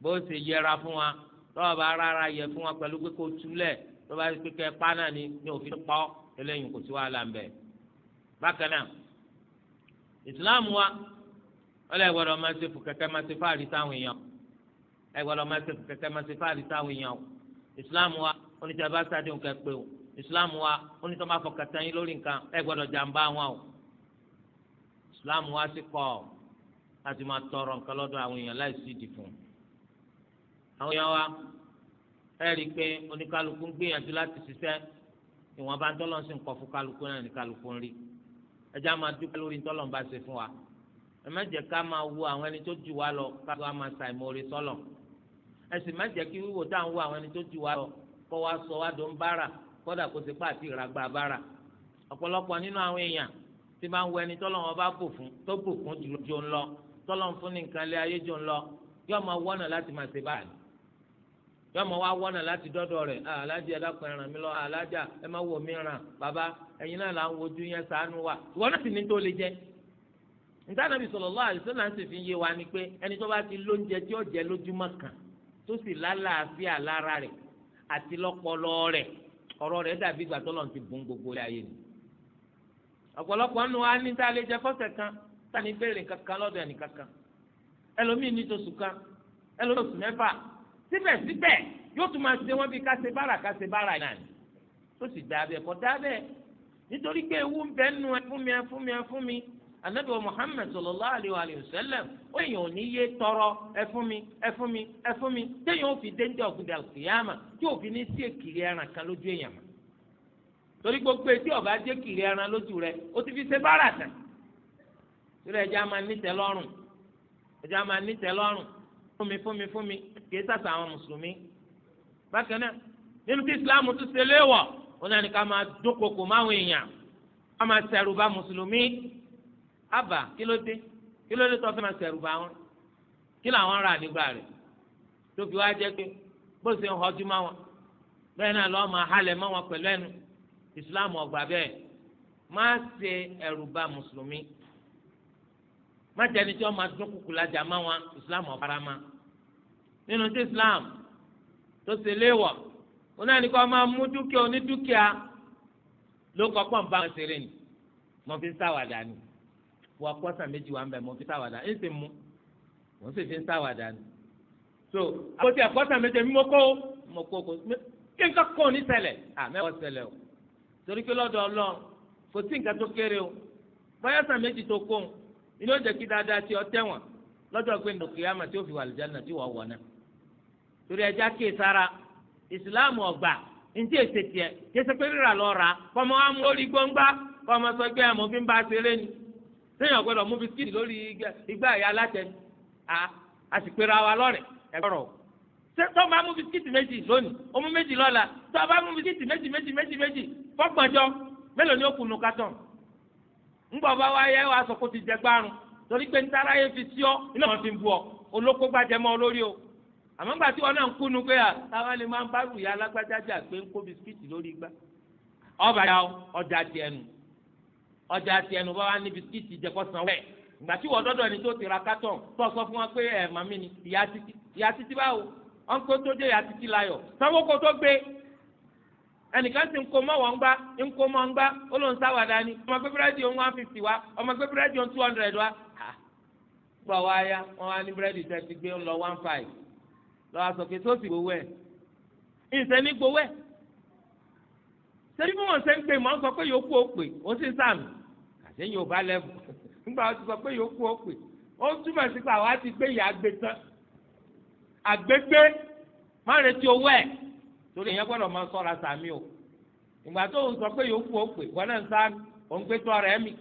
bó ṣe yẹra fún wa tọ́wọ́ bá rárá yẹ fún wa pẹ̀lú pé kó túlẹ̀ tó bá pé kẹ́ pa náà ni ní òfin pọ́ eléyìí kò sí wàhálà ń bẹ̀. bákan náà ìsìláàmù wa ọlọ́ ìgbọ́dọ̀ máa ṣe fún kẹ̀kẹ́ máa ṣe fáàrí sáwọn èèyàn ẹ̀gbọ́dọ̀ máa ṣe fún máa ṣe fáàrí sáwọn èèyàn ìsìláàmù wa oníṣẹ́ bá sáde nǹkan pé o islam wa oníṣẹ́ máa fọkàtà yín lórí nǹkan ẹ gbọ́dọ̀ jàǹbá wọn o islam wa sì kọ́ ọ láti máa tọrọ nǹkan lọ́dọ̀ àwọn èèyàn láìsí ìdí fún un. àwọn èèyàn wa ẹ rí i pé oníkálukú ń gbìyànjú láti ṣiṣẹ́ ìwọ̀n bá ń tọ́lọ̀ sí nǹkan fún kálukú náà ní kálukú ń rí ẹ já máa dúpẹ́ lórí tọ́lọ̀ ń bá ṣe fún wa ẹ má jẹ́ ká máa wo àwọn ẹni tó jù wá lọ ká tó wá máa sọ́lọ̀ ẹ sì má jẹ́ kí wíwò tá ń wo àwọn ẹni tó jù wá lọ kọ́ wa sọ wa dùn bára kọ́dà kó ti pàtì ìragbá bára ọ̀pọ̀lọpọ̀ nínú àwọn èèyàn tí máa ń wọ ẹni tọ́lọ́ wọn bá bò fún tó bò fún jò ń lọ tọ́lọ́ ń fún ní nǹkan lé ayé jò ń lọ yóò máa wọ́nà láti máa ṣe báyìí yóò máa wá wọ́nà láti dọ́dọ̀ rẹ̀ ah, alájà ẹ dákun ẹ ràn mí lọ alájà ẹ má wò mí ràn bàbá ẹ̀yin náà là ń wojú yẹn ṣàánú wa ìwọ náà sì ní tó lè jẹ ntànàbì sallallahu alaihi wasallam sì fi yé wa ni pé ẹni tó bá ti lóúnjẹ tí ó jẹ lójúmọ́ kan tó sì lálàáfíà lára rẹ̀ àti lọ́pọlọ rẹ̀ ọ̀rọ̀ rẹ̀ dàbí ìgbà tọ́lọ̀ ti bùn gbogbo ilé ayé ni. ọ̀pọ̀lọpọ̀ nù á ní tá a lè jẹ fọ́sẹ̀ kan tá a ní béèrè kankan lọ́dọ̀ ẹnì kankan ẹlòmíì ní tóṣù kan ẹlòmíì oṣù mẹ́fà síbẹ̀síbẹ̀ yóò tún máa ṣe wọ́n bí ká ṣe bára ká bára náà ni tó sì dáa bẹ́ẹ̀ kọ́ nítorí pé ewu ń bẹ́ẹ̀ nu ẹ fún mi ẹ fún mi ẹ fún mi anabi muhammed sallallahu alayhi wa sallam ó yàn ò ní yé tọrọ ẹfún mi ẹfún mi ẹfún mi téèyàn ò fi déńdé ọ̀gbìndà kìyàmà tí ò fi ní sí èkìrí ẹran kan lójú èèyàn mọ́ torí gbogbo etí ọba jẹ́ kìrì ẹran lójú rẹ ó ti fi ṣe bára tán torí ẹja máa nítẹ́ lọ́rùn ẹja máa nítẹ́ lọ́rùn fún mi fún kìí sàṣà àwọn mùsùlùmí bákan náà nínú kí islam tún ṣe léèwọ̀ ó náà ká máa dúnkokò máwọn èèyàn ká máa ṣẹ̀rù bá mùsùlùmí aba kí ló dé kí ló dé tó fẹ́ máa sẹ̀rù bá wọn kí làwọn rà nígbà rẹ̀ tó fi wá jẹ́ pé bó ṣe ń họjú má wọn bẹ́ẹ̀ náà lọ́ọ́ máa halẹ̀ mọ́ wọn pẹ̀lú ẹnu ìsìláàmù ọgbà bẹ́ẹ̀ má ṣe ẹ̀rù bá mùsùlùmí má jẹni tí wọ́n máa dún kùkù lájà má wọn ìsìláàmù ọ̀farama nínú tí ìsìláàmù tó ṣe léèwọ̀ wọn náà ní kó máa mú dúkìá onídúkìá ló kọ́ pọ̀ ń bá wọn ni mo fi ń sáwàdà ni wọ akọ́sà méjì wà ń bẹ̀ mọ́ fi sáwàdà ń sì mú mò ń sì fi ń sáwàdà ni. so àkọsí akọ́sà méjì mi mo kó mo kó kó kí nǹkan kọ́ ní ṣẹlẹ̀ à mẹ́wọ́ ṣẹlẹ̀ o torí pé lọ́dọ̀ ọlọ́run kò sí nǹkan tó kéré o báyọ̀sà méjì tó kó ni ó jẹ́ kí dáadáa tí ọ tẹ̀wọ̀n lọ́dọ̀ pé nùkìyàmà tí ó fi wà lùjánà tí wọ́n wọ̀ náà torí ẹja kí sara ìsìláàmù ọgbà ntí èsè tiẹ̀ kí ẹsẹ̀ pé rírà lọ́ọ́ ra kọ́mọ amú orí gbọ́ngbá kọ́mọ sọ pé àmọ́ fi ń bá a ṣeré ni sẹ́yìn ọ̀gbọ́dọ̀ mú bisikíìtì lórí igbá ẹ̀yà alátẹni a sì pera wa lọ́rẹ̀ ẹ̀gbọ́rọ̀ o ṣé tó máa mú bisikíìtì méjì lónìí ó mú méjì lọ́la tó a bá mú bisikíìtì méjì méjì méjì méjì fọ́gbọ̀njọ́ mélòó ni ó kùnú kátọ̀ ńgbọ̀ bá wa yẹ wa sọ kó ti jẹ gbárùn torí pé ntara yẹn fi sí iná wọn fi bu ọ olóko gbajẹ mọ olórí o àmọ́ gbà tí wọn náà ń kúnnu pé à táwọn lè máa ń bá rù yá alágbájá jà pé ń kó bisikíìtì lórí igbá ọba yà ọ ọjà ọjà tí ẹnu bá wà ní bisikíìtì jẹ kó sanwó ẹ ìgbà tí wọ́n dọ́dọ̀ ni tó ti ra kátọ̀n tó sọ fún wa pé ẹ̀ màmí ni ìyá títí ìyá títí báwo ọ̀n kó tó dé ìyá títí láyọ̀ sanwó kó tó gbé ẹnìkan ti ń kó mọ́ wọn gbá ń kó mọ́ gbá ó ló ń sáwàdà ni ọmọ gbé búrẹ́dì òun one fifty wa ọmọ gbé búrẹ́dì òun two hundred wa gbọ́ wa ya wọ́n wá ní búrẹ́dì tẹ́ ti gbé ń lọ one five lọ́wọ́ sọ pé tó sì gbowó ẹ̀ ìṣẹ́ ní gbowó ẹ̀ ṣé bí wọ́n ṣe ń pè mọ́ sọ pé yòókù ó pè ó sì sàmì àtẹ̀yìn ò bá lẹ́bù nígbà wọn ti sọ pé yòókù ó pè ó túmọ̀ sí pé àwa ti gbé ìyá gbé tán àgbégbé má retí owó ẹ̀ torí èèyàn gbọ́dọ̀ máa sọ́ra sàmì o ìgbà tó ń sọ pé yòókù ó pè wọn náà ń sáà ò ń gbé tọ́ rẹ̀ mì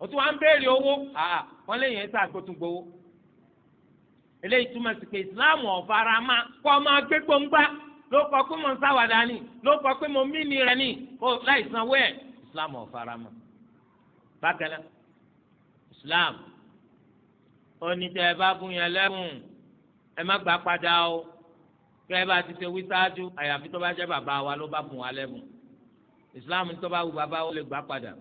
ó tún wá ń béèrè owó wọn léèyàn ń sáà tó tún gbowó eléyìí túmọ̀ sí pé Islam ọ̀fara máa kọ́ máa gbé gbóngbá ló kọ pé mo ń sáwàdà ni ló kọ pé mo mí ni rẹ ni láì sanwó ẹ̀ Islam ọ̀fara máa bákan islam onídìí ẹ bá bùn yẹn lẹ́bùn ẹ má gbà padà o kẹ́ ẹ bá ti ṣe wí sáájú àyàfi tó bá jẹ́ bàbá wa ló bá bùn wa lẹ́bùn islam ní tó bá wù bàbá wa lè gbà padà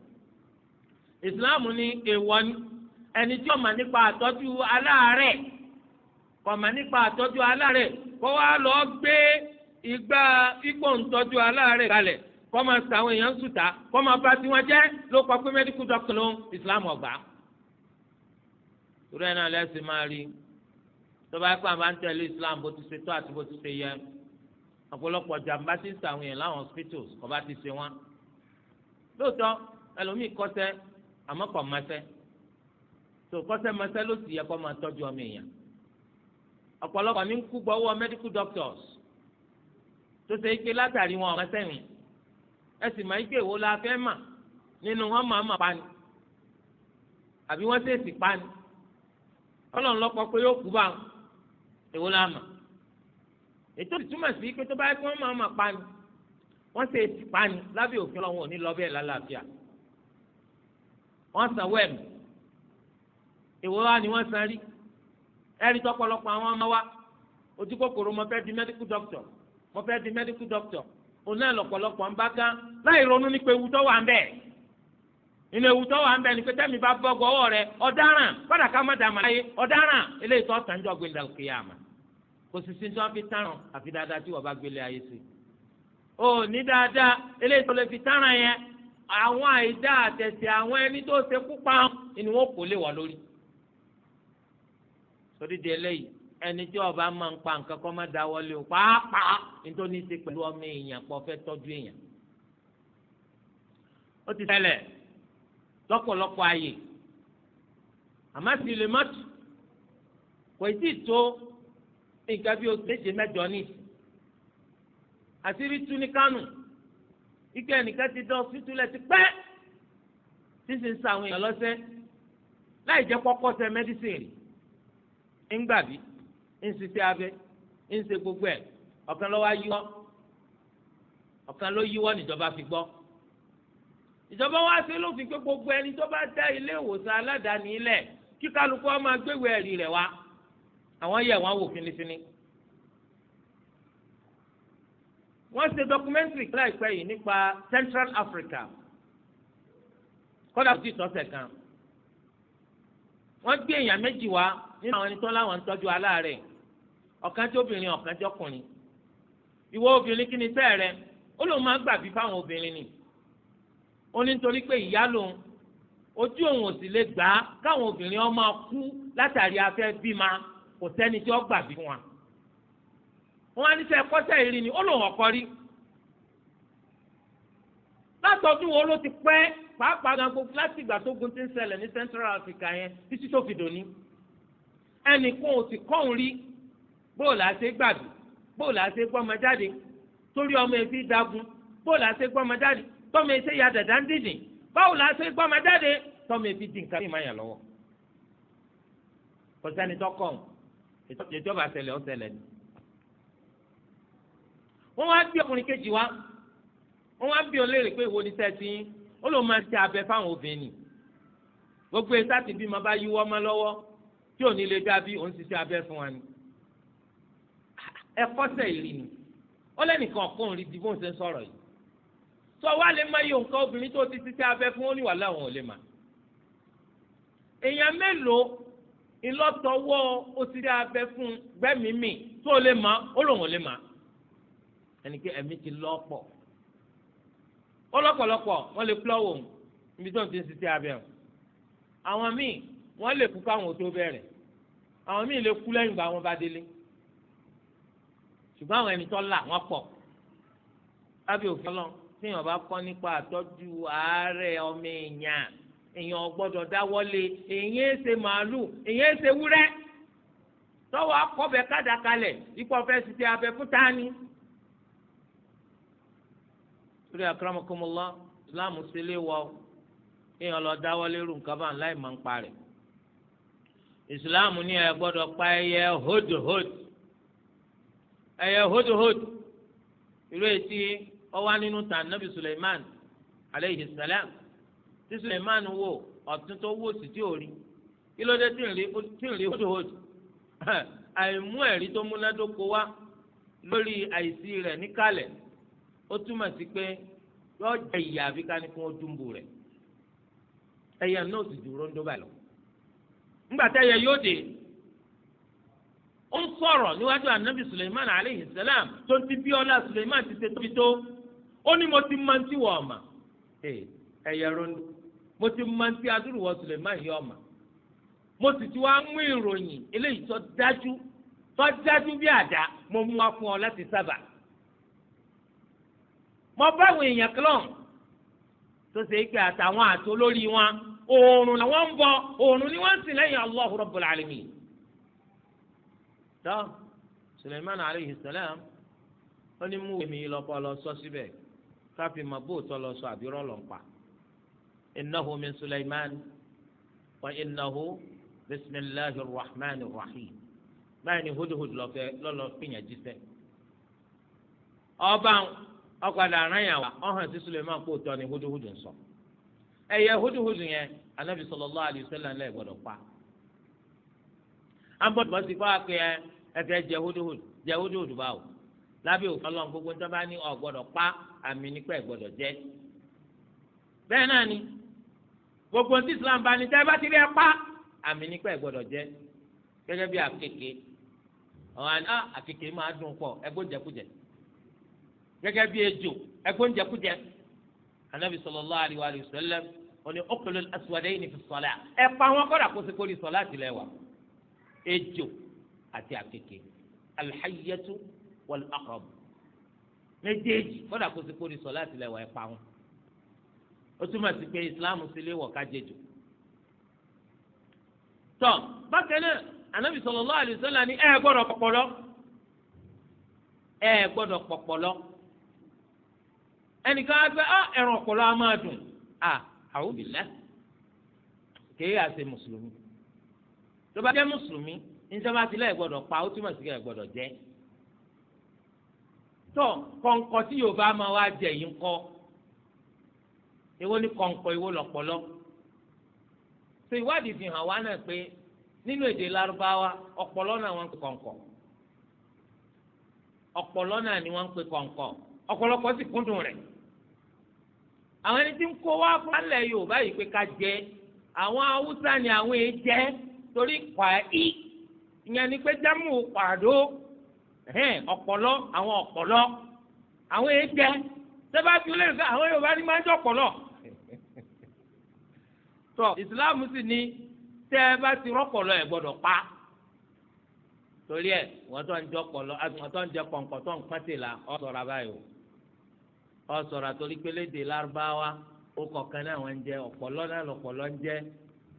islam ní èèwọ̀ ni ẹni tí ó mọ̀ nípa àtọ́jú aláàárẹ̀ kò mọ̀ nípa àtọ́jú aláàárẹ̀ kó wá lọ gbé igbá ipò ń aláàárẹ̀ kalẹ̀ kọ́ máa sa àwọn èèyàn sùtà kọ́ máa bá tiwọn jẹ́ ló kọ́ pé mẹ́díkù dọ́kítà ló ń Islam ọ̀gbà. torí ẹ̀ náà lẹ́sìn máa rí tó bá pàmò bá ń tẹ̀lé Islam bó ti ṣe tó àti bó ti ṣe yẹ ọ̀pọ̀lọpọ̀ jàǹbá ti ń sàwọn èèyàn láwọn hospitals kọ́ bá ti ṣe wọn. lóòótọ́ ẹlòmíì kọ́sẹ́ àmọ́ kọ́ mọ́sẹ́ tó kọ́sẹ́ mọ́sẹ́ ló sì yẹ kó máa tọ́jú ọmọ èèyàn ọ̀pọ̀lọpọ̀ medical doctors tó ṣe é pé látàrí ẹ sì máa ń gbé èwo la fẹ́ mà nínú wọn máa mà pa ni àbí wọ́n ṣèèṣì pa ni ọlọ́run lọ́kọ́ pé yóò kú bá wọn èwo la mà ètò ìtumọ̀ sí pé tó bá yẹ kí wọ́n máa mà pa ni wọ́n ṣèèṣì pa ni lábẹ́ òfin ọlọ́run ò ní lọ bẹ́ẹ̀ lálàáfíà wọ́n sanwó ẹ̀mí èwo wa ni wọ́n san rí ẹ̀rí tọ́pọ̀lọpọ̀ àwọn ọmọ wa ojú kòkòrò mo fẹ́ di medical doctor mo fẹ́ di medical doctor òun náà lọ̀pọ̀lọpọ̀ ń bá gán láì ronú nípa ewu tó wà ń bẹ̀ inú ewu tó wà ń bẹ̀ ni pé tẹ́mi bá bọ́ gbọ́wọ́ rẹ ọ̀daràn kọ́dà ká má dà má láyé ọ̀daràn eléyìí tó tàn jọ gbé dàrú kéèyàmà kò sì sí tí wọ́n fi tàràn àfi dáadáa tí wọ́n bá o ní dáadáa eléyìí tó lè fi tàràn yẹn àwọn àìdá àtẹ̀sẹ̀ àwọn ẹni tó ṣe kú pa ni wọ́n kò lè wà ẹni tí ọba máa ń pa nǹkan kọ́ máa dáwọ́ lé o pàápàá nítorí ṣe pẹ̀lú ọmọ èèyàn pọ̀ fẹ́ tọ́jú èèyàn. ó ti ṣẹlẹ̀ lọ́pọ̀lọpọ̀ ayè àmọ́ sì lè má tù kò tí ì tó nǹkan bí oṣù méje mẹ́jọ ní àṣírí tú ní kánò ike ẹnìkan ti dán ọsùn ti pẹ́ sísè ń sa àwọn èèyàn lọ́sẹ̀ láì jẹ́ kọ́kọ́ sẹ mẹ́dísìn rí ńgbà bíi ń ṣiṣẹ́ abẹ ń ṣe gbogbo ẹ̀ ọ̀kan ló wá yíwọ́ ọ̀kan ló yíwọ́ níjọba fi gbọ́ ìjọba wa ṣe lófin pé gbogbo ẹni tó bá dá ilé ìwòsàn aládàáni ilẹ̀ kí kálukú wa máa gbéwèé ẹ̀rí rẹ̀ wá àwọn yẹ̀ wọ́n wò finifini. wọ́n ṣe dọkumẹ́ntìrì láìpẹ́ yìí nípa Central Africa kọ́dà tó ti tọ́sẹ̀ kan wọ́n gbé èèyàn méjì wá nínú àwọn ẹni tó láwọn ń tọ́jú aláàárẹ̀ ọ̀kan tí obìnrin ọ̀kan tí ọkùnrin ìwọ obìnrin kí ni tẹ́ẹ̀ rẹ ó lóun máa ń gbàbí fáwọn obìnrin ni ó ní nítorí pé ìyá lòun ojú òun ò sì lè gbà á káwọn obìnrin ọmọ kú látàrí afẹ́ bímọ kò sẹ́ni tí ó gbàbí fún wa wọn á ní sẹ́ kọ́sẹ́ ìrìn ni ó lóun ọ̀kọ́ rí látọdún wo ló ti pẹ́ pàápàá gan gbogbo láti ìgbà tó gun ti ń ṣẹlẹ̀ ní Central Africa yẹn títí tó fi dòní ẹnìkan ò sì kọ́ òun rí bóòlù àṣẹ gbàdú bóòlù àṣẹ gbọ́mọ jáde torí ọmọ ẹbí dagun bóòlù àṣẹ gbọ́mọ jáde tọ́mọ ẹsẹ̀ ya dàda ń dìdìn bóòlù àṣẹ gbọ́mọ jáde tọ́mọ ẹbí di nǹkan ìmọ̀ yẹn lọ́wọ́ kọ́sẹ́ni tọkọ̀ ìjọba àṣẹlẹ̀ ọ̀ṣẹlẹ̀ ni. wọ́n wá bí ọkùnrin kejì wá wọ́n wá bí ọlẹ́rìí pé ìwo ni sẹ́ẹ̀tì ó lóun máa ń ṣe abẹ fáwọn obìnrin gbogbo ẹ̀ sátìbí máa bá yíwọ́ ọmọ lọ́wọ́ tí ò ní lè bí abí òun ṣiṣẹ́ abẹ́ fún wa ni ẹ kọ́sẹ̀ ìrì ni ó lẹ́nìkan ọ̀kùnrin rí di bóun ṣe ń sọ̀rọ̀ yìí sọ wá lè má yọ nǹkan obìnrin tó ti ṣiṣẹ́ abẹ́ fún ó ní wàhálà òun ò lè mà èèyàn mélòó ìlọ́tọ̀wọ́ òṣìṣẹ́ abẹ́ fún gbẹ́mímì tó lè mà ó lòun ò lè mà ẹni pé ẹ̀mí ti lọ́pọ̀ ó lọ́pọ̀lọpọ̀ wọ́n lè púlọ́wọ̀ níbi tó ń ti ṣiṣẹ́ abẹ́ wọ́n lè kú káwọn tó bẹ̀rẹ̀ àwọn míì lè kú lẹ́yìn ìgbà wọn bá délé ṣùgbọ́n àwọn ẹni tó là wọ́n pọ̀ lábẹ́ òfin ọlọ́run tíyàn bá kọ́ nípa àtọ́jú àárẹ̀ ọmọ èèyàn èèyàn gbọ́dọ̀ dáwọ́lé èèyàn ẹ̀ ṣe màálù èèyàn ẹ̀ ṣe wúrẹ́ tọ́wọ́ akọ́bẹ̀ kádàkalẹ̀ ikú ọ̀fẹ́ sì abẹ fún tani. sórí akramakumullah islam ṣe wọ èèyàn lọ dáwọ́lé rú nǹkan bá ń ń parẹ́ ìsìláàmù ní ẹ gbọ́dọ̀ pa ẹyẹ hódòhód ẹyẹ hódòhód irú etí ọwá nínú tàn nábì Suleiman aleyhi salam tí Suleiman wò ọ̀tún tó wò sí tí ò rí kí ló dé tí ń rí hódòhód àìmú ẹ̀rí tó múnádóko wá lórí àìsí rẹ̀ níkàlẹ̀ ó túmọ̀ sí pé yọ jẹ ìyá àbíká ní kí wọ́n dúnbù rẹ̀ ẹ̀yà náà sì dúró ń dóbà lọ. ńgbàtà yẹ yóò dé ó ń sọ̀rọ̀ níwájú anabi suleiman aleyhi salam tó ti bí ọlá suleiman ti ṣe tóbi tó ó ní mo ti máa ń tí wọ eh, ronú mo ti máa ń suleiman yọ ọmọ mo sì ti wá mú ìròyìn eléyìí tó dájú tó dájú mo mú fún ọ láti sábà mo bá àwọn èèyàn kílọ̀n tó ṣe é pé àtàwọn oòrùn làwọn ń bọ oòrùn ni wọ́n ń sìn lẹ́yìn Allahu Rabbul Alamin. tó Suleiman aleyhi salam ó ní mú èmi lọ́kọ́ lọ sọ síbẹ̀ káfí ma bóòtọ́ lọ sọ àbírọ́ lọ ń pa. innahu min Suleiman wa innahu bisimilahi rahman rahim báyìí ni hudhud lọ́lọ́ fìyàn jíṣẹ́. ọba ọ̀padà aráyàwó ọ̀hún sí Suleiman kó tọ́ ni hudhud sọ. So. ẹyẹ húdùhúdù yẹn anabi sallallahu alayhi wasallam lẹ gbọ́dọ̀ pa anbọdùmọ sí fún akpẹ yẹn ẹfẹ jẹ húdùhúdù jẹ húdùhúdù báwo lábẹ́ òfin gbogbo ń tọ́ba ní ọ pa àmì nípa ẹ jẹ náà ni gbogbo islam bá ní tẹ bá ti rí ẹ pa àmì nípa ẹ jẹ bí àná máa dùn anabi sallallahu alayhi wa sallam oní uqlul aswadayni fi salat ẹ pa wọn kọ́dà kó sikori sọlá tilẹ̀ wa ejò àti àkekè alhayyatu wal aqrab méjèèjì kọ́dà kó sikori sọlá tilẹ̀ wa ẹ pa wọn ó túmọ̀ sí pé islam sílé wọ̀ ká jẹjọ tọ bákan anabi sallallahu alayhi wa ni ẹ gbọ́dọ̀ pọpọlọ ẹ gbọ́dọ̀ pọpọlọ ẹnìkan á gbé ọ ah, ẹran ọpọlọ á máa dùn à àwòbílẹ kéé àṣẹ mùsùlùmí tó bá jẹ mùsùlùmí níjọba tilẹ̀ gbọ́dọ̀ pa ó túmọ̀ sí kẹ́ gbọ́dọ̀ jẹ́ tọ kọ̀ǹkọ̀ tí yorùbá máa wá jẹ yìí ń kọ́ ni kọ̀ǹkọ̀ èwo lọ̀pọ̀lọ́ tó ìwádìí fi hàn wá náà pé nínú èdè lárúbáwá ọ̀pọ̀lọ́ náà wọ́n ń pè kọ̀ǹkọ̀ ọ̀pọ̀lọ́ náà ni wọ́n ń pè kọ̀ǹkọ̀ ọ̀pọ̀lọpọ̀ sì kúndùn rẹ̀ àwọn ẹni tí ń kó wá fúnlẹ̀ yorùbá yìí pé ká jẹ àwọn haúsá ni àwọn èè jẹ torí pàì ìyẹn ni pé jámù pàdó ọ̀pọ̀lọ́ àwọn ọ̀pọ̀lọ́ àwọn èè jẹ sẹ́fà tí ó lè sọ àwọn yorùbá ni máa ń jẹ ọ̀pọ̀lọ́ tọ ìsìláàmù sì ni tẹ́ ẹ bá ti rọ́pọ̀lọ́ ẹ̀ gbọ́dọ̀ pa torí ẹ̀ wọ́n tó ń jẹ́ ọ̀pọ̀lọ́ àti wọ́n tó ń jẹ́ pọ̀npọ̀ tó ń pọ́n tè la ọ̀ sọ̀rọ̀ abáyọ̀. ọsọ̀rọ̀ àtọ́lí pélédè lárúbáwá ó kọ̀ọ̀kan náà wọ́n ń jẹ ọ̀pọ̀lọ́ náà ń jẹ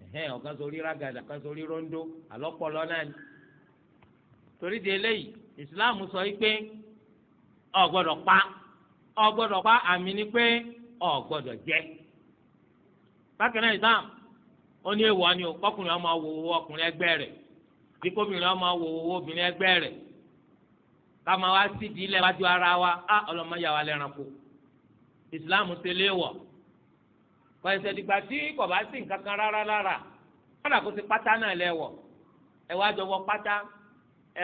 ẹ̀hẹ́n ọ̀kan sórí rágàdà ọ̀kan sórí róńdó náà ni. torí de eléyìí ìsìláàmù sọ pé ọ̀ pa pa àmì ni pé jẹ. bákan náà ó ní èèwọ̀ ni ọkùnrin ọmọ wo owó ọkùnrin ẹgbẹ́ rẹ̀ ọmọ wo owó obìnrin ẹgbẹ́ rẹ̀ ká máa wá sídìí wa á ọlọ́mọ yà ìsìláàmù ṣe léèwọ̀ kọ̀ọ̀sẹ̀ dìgbà tí kò bá sí nǹkan kan rárá lára kọ́dà kó ti pátá náà lẹ́wọ̀ ẹ wá jọ wọ pátá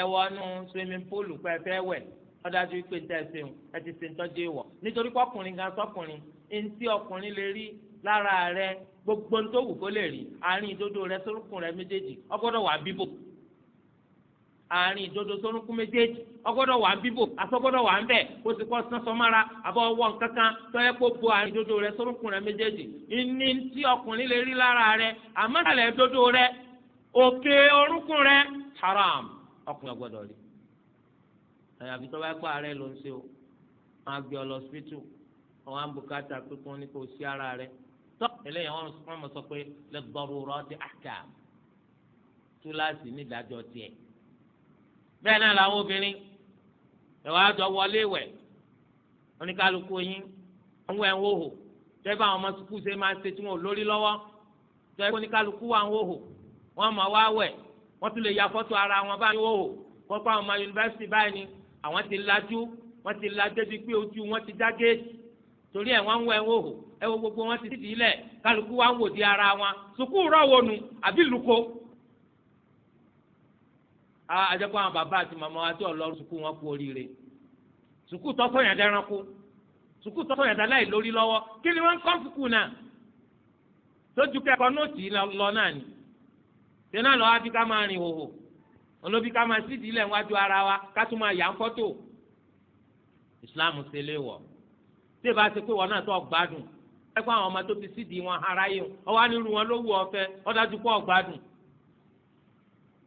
ẹ wọ inú swimming pool pẹ́ fẹ́ wẹ̀ ọdájú pé ń tẹ̀sí ń ẹ ti ṣe ń tọ́jú ìwọ̀ nítorí pọ́kùnrin gan sọ́kùnrin ń tí ọkùnrin lè rí lára rẹ gbogbo ń tó wù kó lè rí àárín ìdodo rẹ sórúkùn rẹ méjèèjì ọgbọ́dọ̀ wà bíbò àárín ìdodo sórúnkún méjèèjì ọgọdọ wà ń bíbò àtọgbọ́dọ̀ wà ń bẹ̀ kó sì kọ́ sán sọmára àbọ̀ ọwọ́ nkankan tọ́yẹ kó bo àárín ìdodo rẹ sórúnkún rẹ méjèèjì ní tí ọkùnrin lè rí lára rẹ haram ọkùnrin ọgbọ́dọ̀ rí àyàfi tó bá ààrẹ ló ń ṣe o máa gbé ọ lọ àwọn ara rẹ tọ́ eléyìí wọ́n mọ̀ sọ pé lẹ́gbọ́rú bẹ́ẹ̀ náà làwọn obìnrin ẹ̀wọ̀n àjọ wọlé ìwẹ̀ oníkálukú yín ń wẹ̀ ń wòhò tẹ́ bá àwọn ọmọ sukùú ṣe máa ń ṣe tí wọn ò lórí lọ́wọ́ tẹ́ oníkálukú wà ń wòhò wọ́n máa wá wẹ̀ wọ́n tún lè ya fọ́tò ara wọn báyìí wòhò wọ́n pa àwọn ọmọ yunifásitì báyìí ni àwọn ti lajú wọ́n ti lajú débi pé ojú wọn ti já géètì torí ẹ̀ wọ́n ń wẹ̀ ń wòhò ẹ gbogbo wọn ti àjẹpọ̀ àwọn bàbá àti màmá wa tí ọlọ́run sùkú wọn kú oríire sùkú tọ́sọ̀ yẹn dẹ́ranko sùkú tọ́sọ̀ yẹn dáláì lórí lọ́wọ́ kí ni wọ́n ń kọ́ sùkú náà tójú kẹ́kọ̀ọ́ nóòtì lọ náà ni tẹ́lá lọ́wọ́ á fi ká máa rìn hòhò olóbi ká máa sídìí lẹ̀ wájú ara wa ká tún máa yà ń fọ́tò ìsìláàmù ṣe lé wọ̀ tí ìbá ṣe pé wọn náà tó ọgbádùn ẹgbẹ́ àwọn ọmọ tó fi sídìí wọn aráyé ọwọ́ á nírú wọn ló wù ọ fẹ́ ọgbádùn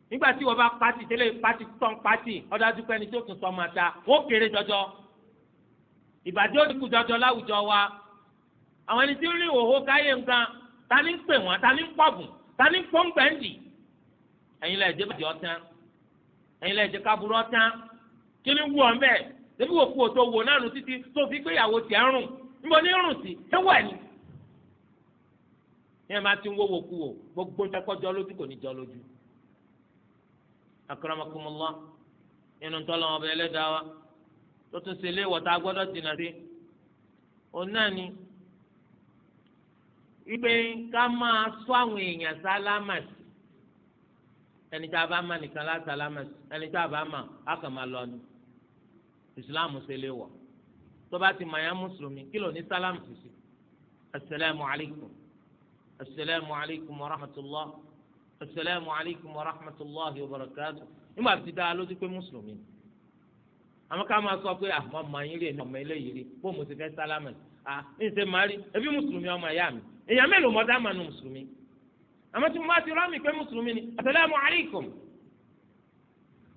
nígbà tí wọ́n bá pati tẹ́lẹ̀ pati tán pati ọ̀dájú pé ẹni tó tún sọ máa ta wọ́n kéré jọjọ ìbàjẹ́ òdìkú jọjọ láwùjọ wa àwọn ẹni tí ń rí òhó káyé nǹkan ta ni ń pè wọ́n ta ni ń pọ̀bùn ta ni ń pọ́ńgbẹ́ǹdì ẹ̀yin lẹ́ẹ̀dẹ́ bàjẹ́ ọ̀tán ẹ̀yin lẹ́ẹ̀dẹ́ kábúrú ọ̀tán kí ni wù ọ́ mbẹ́ débi wò kú òtò wò náà nù títí tó fi gbéyàwó tiẹ̀ ń rùn níbo ní rùn sí ẹ wà ní. ní ẹ máa ti ń wọ́wọ́ kú o gbogbo ń tẹ́kọ́ jọ lójú kò ní jọ lójú akramakumullah nínú tọ́lọ́ ọba ẹlẹ́dàá wa tó tún ṣe léèwọ̀ tá a gbọ́dọ̀ dìnnà sí òun náà ni ipe ká máa sọ àwọn èèyàn sálámà sí ẹni tá a bá ma nìkan lá sálámà sí ẹni tá a bá ma á máa lọ ni ìsìláàmù ṣe lè tó bá ti mọ ya mùsùlùmí kí ló ní sálámù sí asalaamu alaykum wa rahmatulah asalaamu alaykum wa rahmatulahi wa barakatu nígbà tí dáa lójú pé mùsùlùmí ni àmọ́ ká máa sọ pé àmọ́ ah, màá yín rí ẹni ọmọ eléyìí rí bó mo ti fẹ́ sálámà à ń ah, ṣe máa rí ẹbí mùsùlùmí ọmọ ẹ̀yà mi èèyàn mélòó mọ̀ dáàmà nu mùsùlùmí àmọ́ tí mo bá ti rámì pé mùsùlùmí ni asalaamu alaykum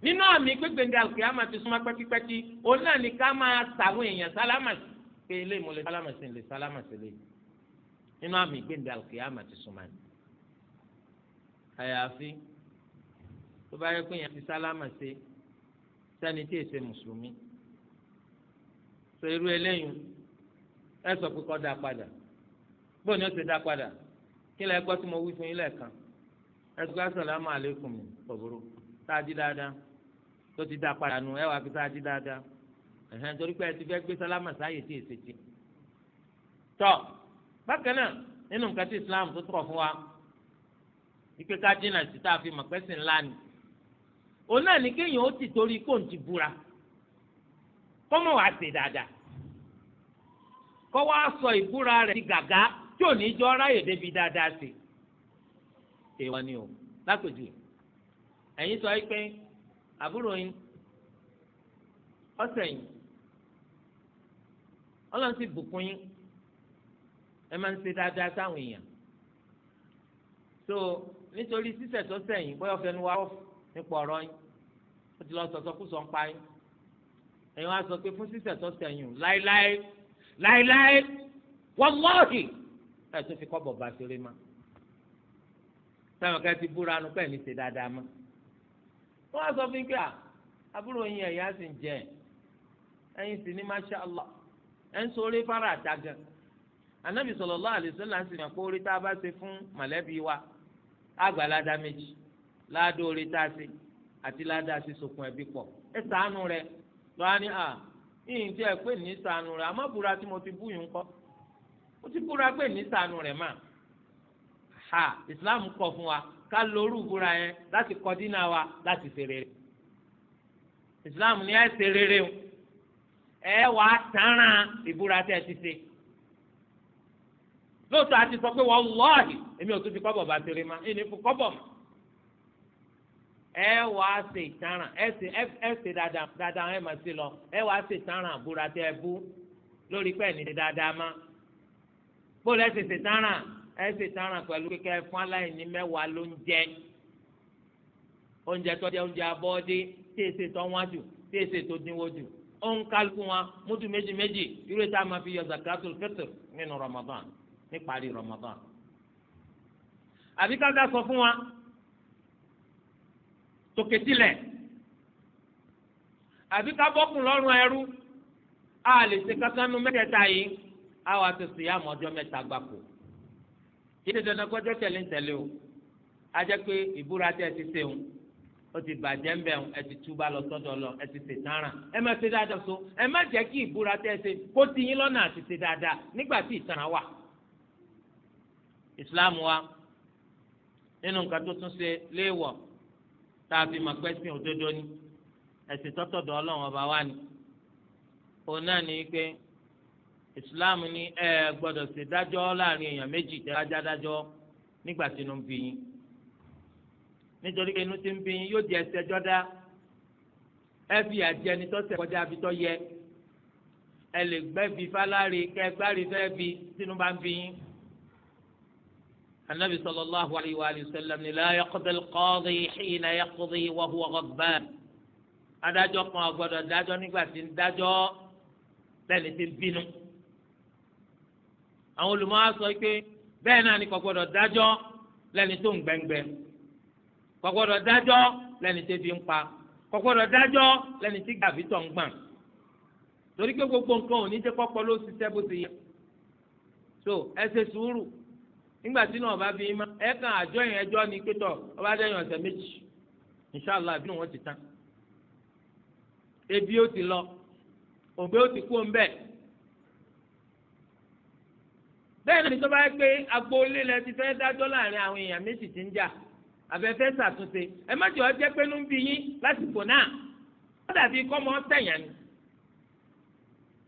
nínú àmì gbégbèǹde àlùkìyàmà ti súnmọ́ pẹ́kípẹ́kí òun náà ni ká máa sàwọn èèyàn sálámà sí pé eléyìí mo sálámà sí lè sálámà sí lè nínú àmì gbégbèǹde àlùkìyàmà ti súnmọ́ àyàfi tó bá yẹ kó yẹn fi sálámà ṣe sani tí èsè mùsùlùmí sọ irú eléyìí ẹ sọ pé kó dá padà bó ni ó ti dá padà kí lẹ gbọ́ tí mo wí fún yín lẹ́ẹ̀kan ẹ sọ pé asàlámù àlékùm òbúrò tá a di dáadáa tó ti dá padà nù ẹ wà pé tá a di dáadáa ẹ̀hẹ́n torí pé ẹ ti fẹ́ gbé sálámà sáyè tí èsè ti tọ́ bákan náà nínú nǹkan tí Islam tó tọ̀ fún wa. ìpè ká dínà sí tá a fi mọ̀pẹ́sì ńlá ni òun náà ní kéèyàn ó ti torí kó ń ti búra kó mọ̀ wá sọ ìbúra rẹ̀ di gàgá tí ò ní jọ ráyè débi dáadáa o lápèjù ẹ̀yin sọ pé àbúrò yín ọ̀sẹ̀ yìí ọlọ́run sì bùkún yín ẹ máa ń ṣe dáadáa nítorí sísẹ̀ tó sẹ̀yìn bóyá ọ̀fẹ́ ni wà ó nípa ọ̀rọ̀ yín ó ti lọ sọ̀sọ́ kú sọ ń pa yín ẹ̀yin wá sọ pé fún sísẹ̀ tó sẹ̀yìn láéláé láéláé wọ́mọ́ọ̀hì ẹ̀ tó fi kọ́bọ̀ bá ṣeré ma táwọn kan ti búra nu pẹ̀lú ṣe dáadáa ma wọ́n á sọ fún kí àbúrò yín ẹ̀yà sì ń jẹ ẹ̀yin sì ní masha allah ẹ̀ ń sọ orí fara àtàgàn anabi sallallahu alaihi wasallam ń sìn bá ṣe fún mọ̀lẹ́bí wa àgbàládá méjì ládó orí tá a ṣe àti ládá a ṣe sokùn ẹbí pọ̀ ẹ ṣàánú rẹ lọ́wọ́ ní à yìnyín tí ẹ pé ní ṣàánú rẹ àmọ́ búra tí mo ti bú yìí ń mo ti búra pé ní ṣàánú rẹ mà ha Islam kọ fún wa ká lórí ìbúra yẹn láti kọ dínà wa láti ṣe rere Islam ní ẹ ṣe rere o ẹ wàá tán ra ìbúra tẹ ti ṣe lóòótọ́ àti sọ pé wàláhì èmi ò tún fi kọ́bọ̀ bá tèrè ma èmi fún kọ́bọ̀ ma. ẹ wà á ṣe ìtaràn ẹ ṣe ẹ ṣe dáadáa dáadáa ẹ máa ṣe lọ ẹ wà á ṣe ìtaràn àbúrò àti ẹbú lórí pẹ́ẹ́ ní dáadáa ma. bóòlù ẹ ṣe ṣe ìtaràn ẹ ṣe ìtaràn pẹ̀lú kíkẹ́ fún aláìní mẹ́wàá ló ń jẹ oúnjẹ tó jẹ oúnjẹ abọ́dé tí èsè tó wọ́n jù tí èsè tó dínwó jù ó ń kálukú wọn mútu méjì méjì irú ètò àmàfi yọ zakatul fitr nínú Ramadan níparí Ramadan àbí káńtà sọ fún wa tòkè tilẹ̀ àbí ká bọ́kùn lọ́rùn ẹrú a lè ṣe kankan nu mẹ́tẹ̀ẹ̀ta yìí a wà ti sùn yá mọ́ ọjọ́ mẹ́ta gbáko yìí ti dandan kọjọ́ tẹ̀lé ń tẹ̀lé o a jẹ́ pé ìbúra tẹ́ ẹ ti ṣe o ti bàjẹ́ ń ẹ ti túbà lọ sọ́dọ̀ lọ ẹ ti ṣe tánràn ẹ má ṣe dáadáa so ẹ má jẹ́ kí ìbúra tẹ́ ẹ ṣe kó ti yín lọ́nà àti ṣe dáadáa nígbà tí ìtàn wà islam wa nínú nǹkan tó tún ṣe léèwọ̀ tá a fi mọ̀ pé ẹ̀sìn òdodo ni ẹ̀sìn tọ́tọ̀dọ̀ ọlọ́run ọba wa ni òun náà ni pé islam ní ẹ gbọ́dọ̀ ṣèdájọ́ láàrin èèyàn méjì tẹ́lájá dájọ́ nígbà tí inú ń bí yín nítorí pé inú ti ń bí yín yóò di ẹsẹ̀ jọ́dá ẹ fi àjẹni tọ́sẹ̀ kọjá abitọ́ yẹ ẹ lè gbẹ́ bí fáláre kẹ́ gbárí fẹ́ bí tínú bá ń bí yín. النبي صلى الله عليه وآله وسلم لا يقضي القاضي حين يقضي وهو غضبان adájọ́ kan agbọ́dọ̀ dájọ́ nígbà tí ń dájọ́ lẹ́ni tí ń bínú àwọn olùmọ̀ọ́ sọ pé bẹ́ẹ̀ náà ni kò gbọ́dọ̀ dájọ́ lẹ́ni tó ń gbẹ̀ngbẹ̀ kò gbọ́dọ̀ dájọ́ lẹ́ni tí ebi ń pa kò gbọ́dọ̀ dájọ́ lẹ́ni tí gàbí tọ̀ ń gbọ̀n torí pé gbogbo nǹkan ò ní jẹ́ kọ́kọ́ ló ṣiṣẹ́ bó ti yẹ so ẹ ṣe sùúrù nígbà tí náà bá bí i má ẹ kàn àjọ yẹn ẹjọ́ ni pétọ̀ ọba dẹ́yìn ọ̀sẹ̀ méjì inṣàlá àbínú wọn ti tán ebi ó ti lọ òbí ó ti kú ọ̀nbẹ. bẹ́ẹ̀ ni tó bá yẹ pé agboolé lẹ ti fẹ́ dájọ́ láàrin àwọn èèyàn méjì tí ń jà àfẹ́fẹ́ ṣàtúnṣe ẹ má jọ jẹ́ pé ń bí yín lásìkò náà ó dàbí kọ́mọ tẹ̀yàn ni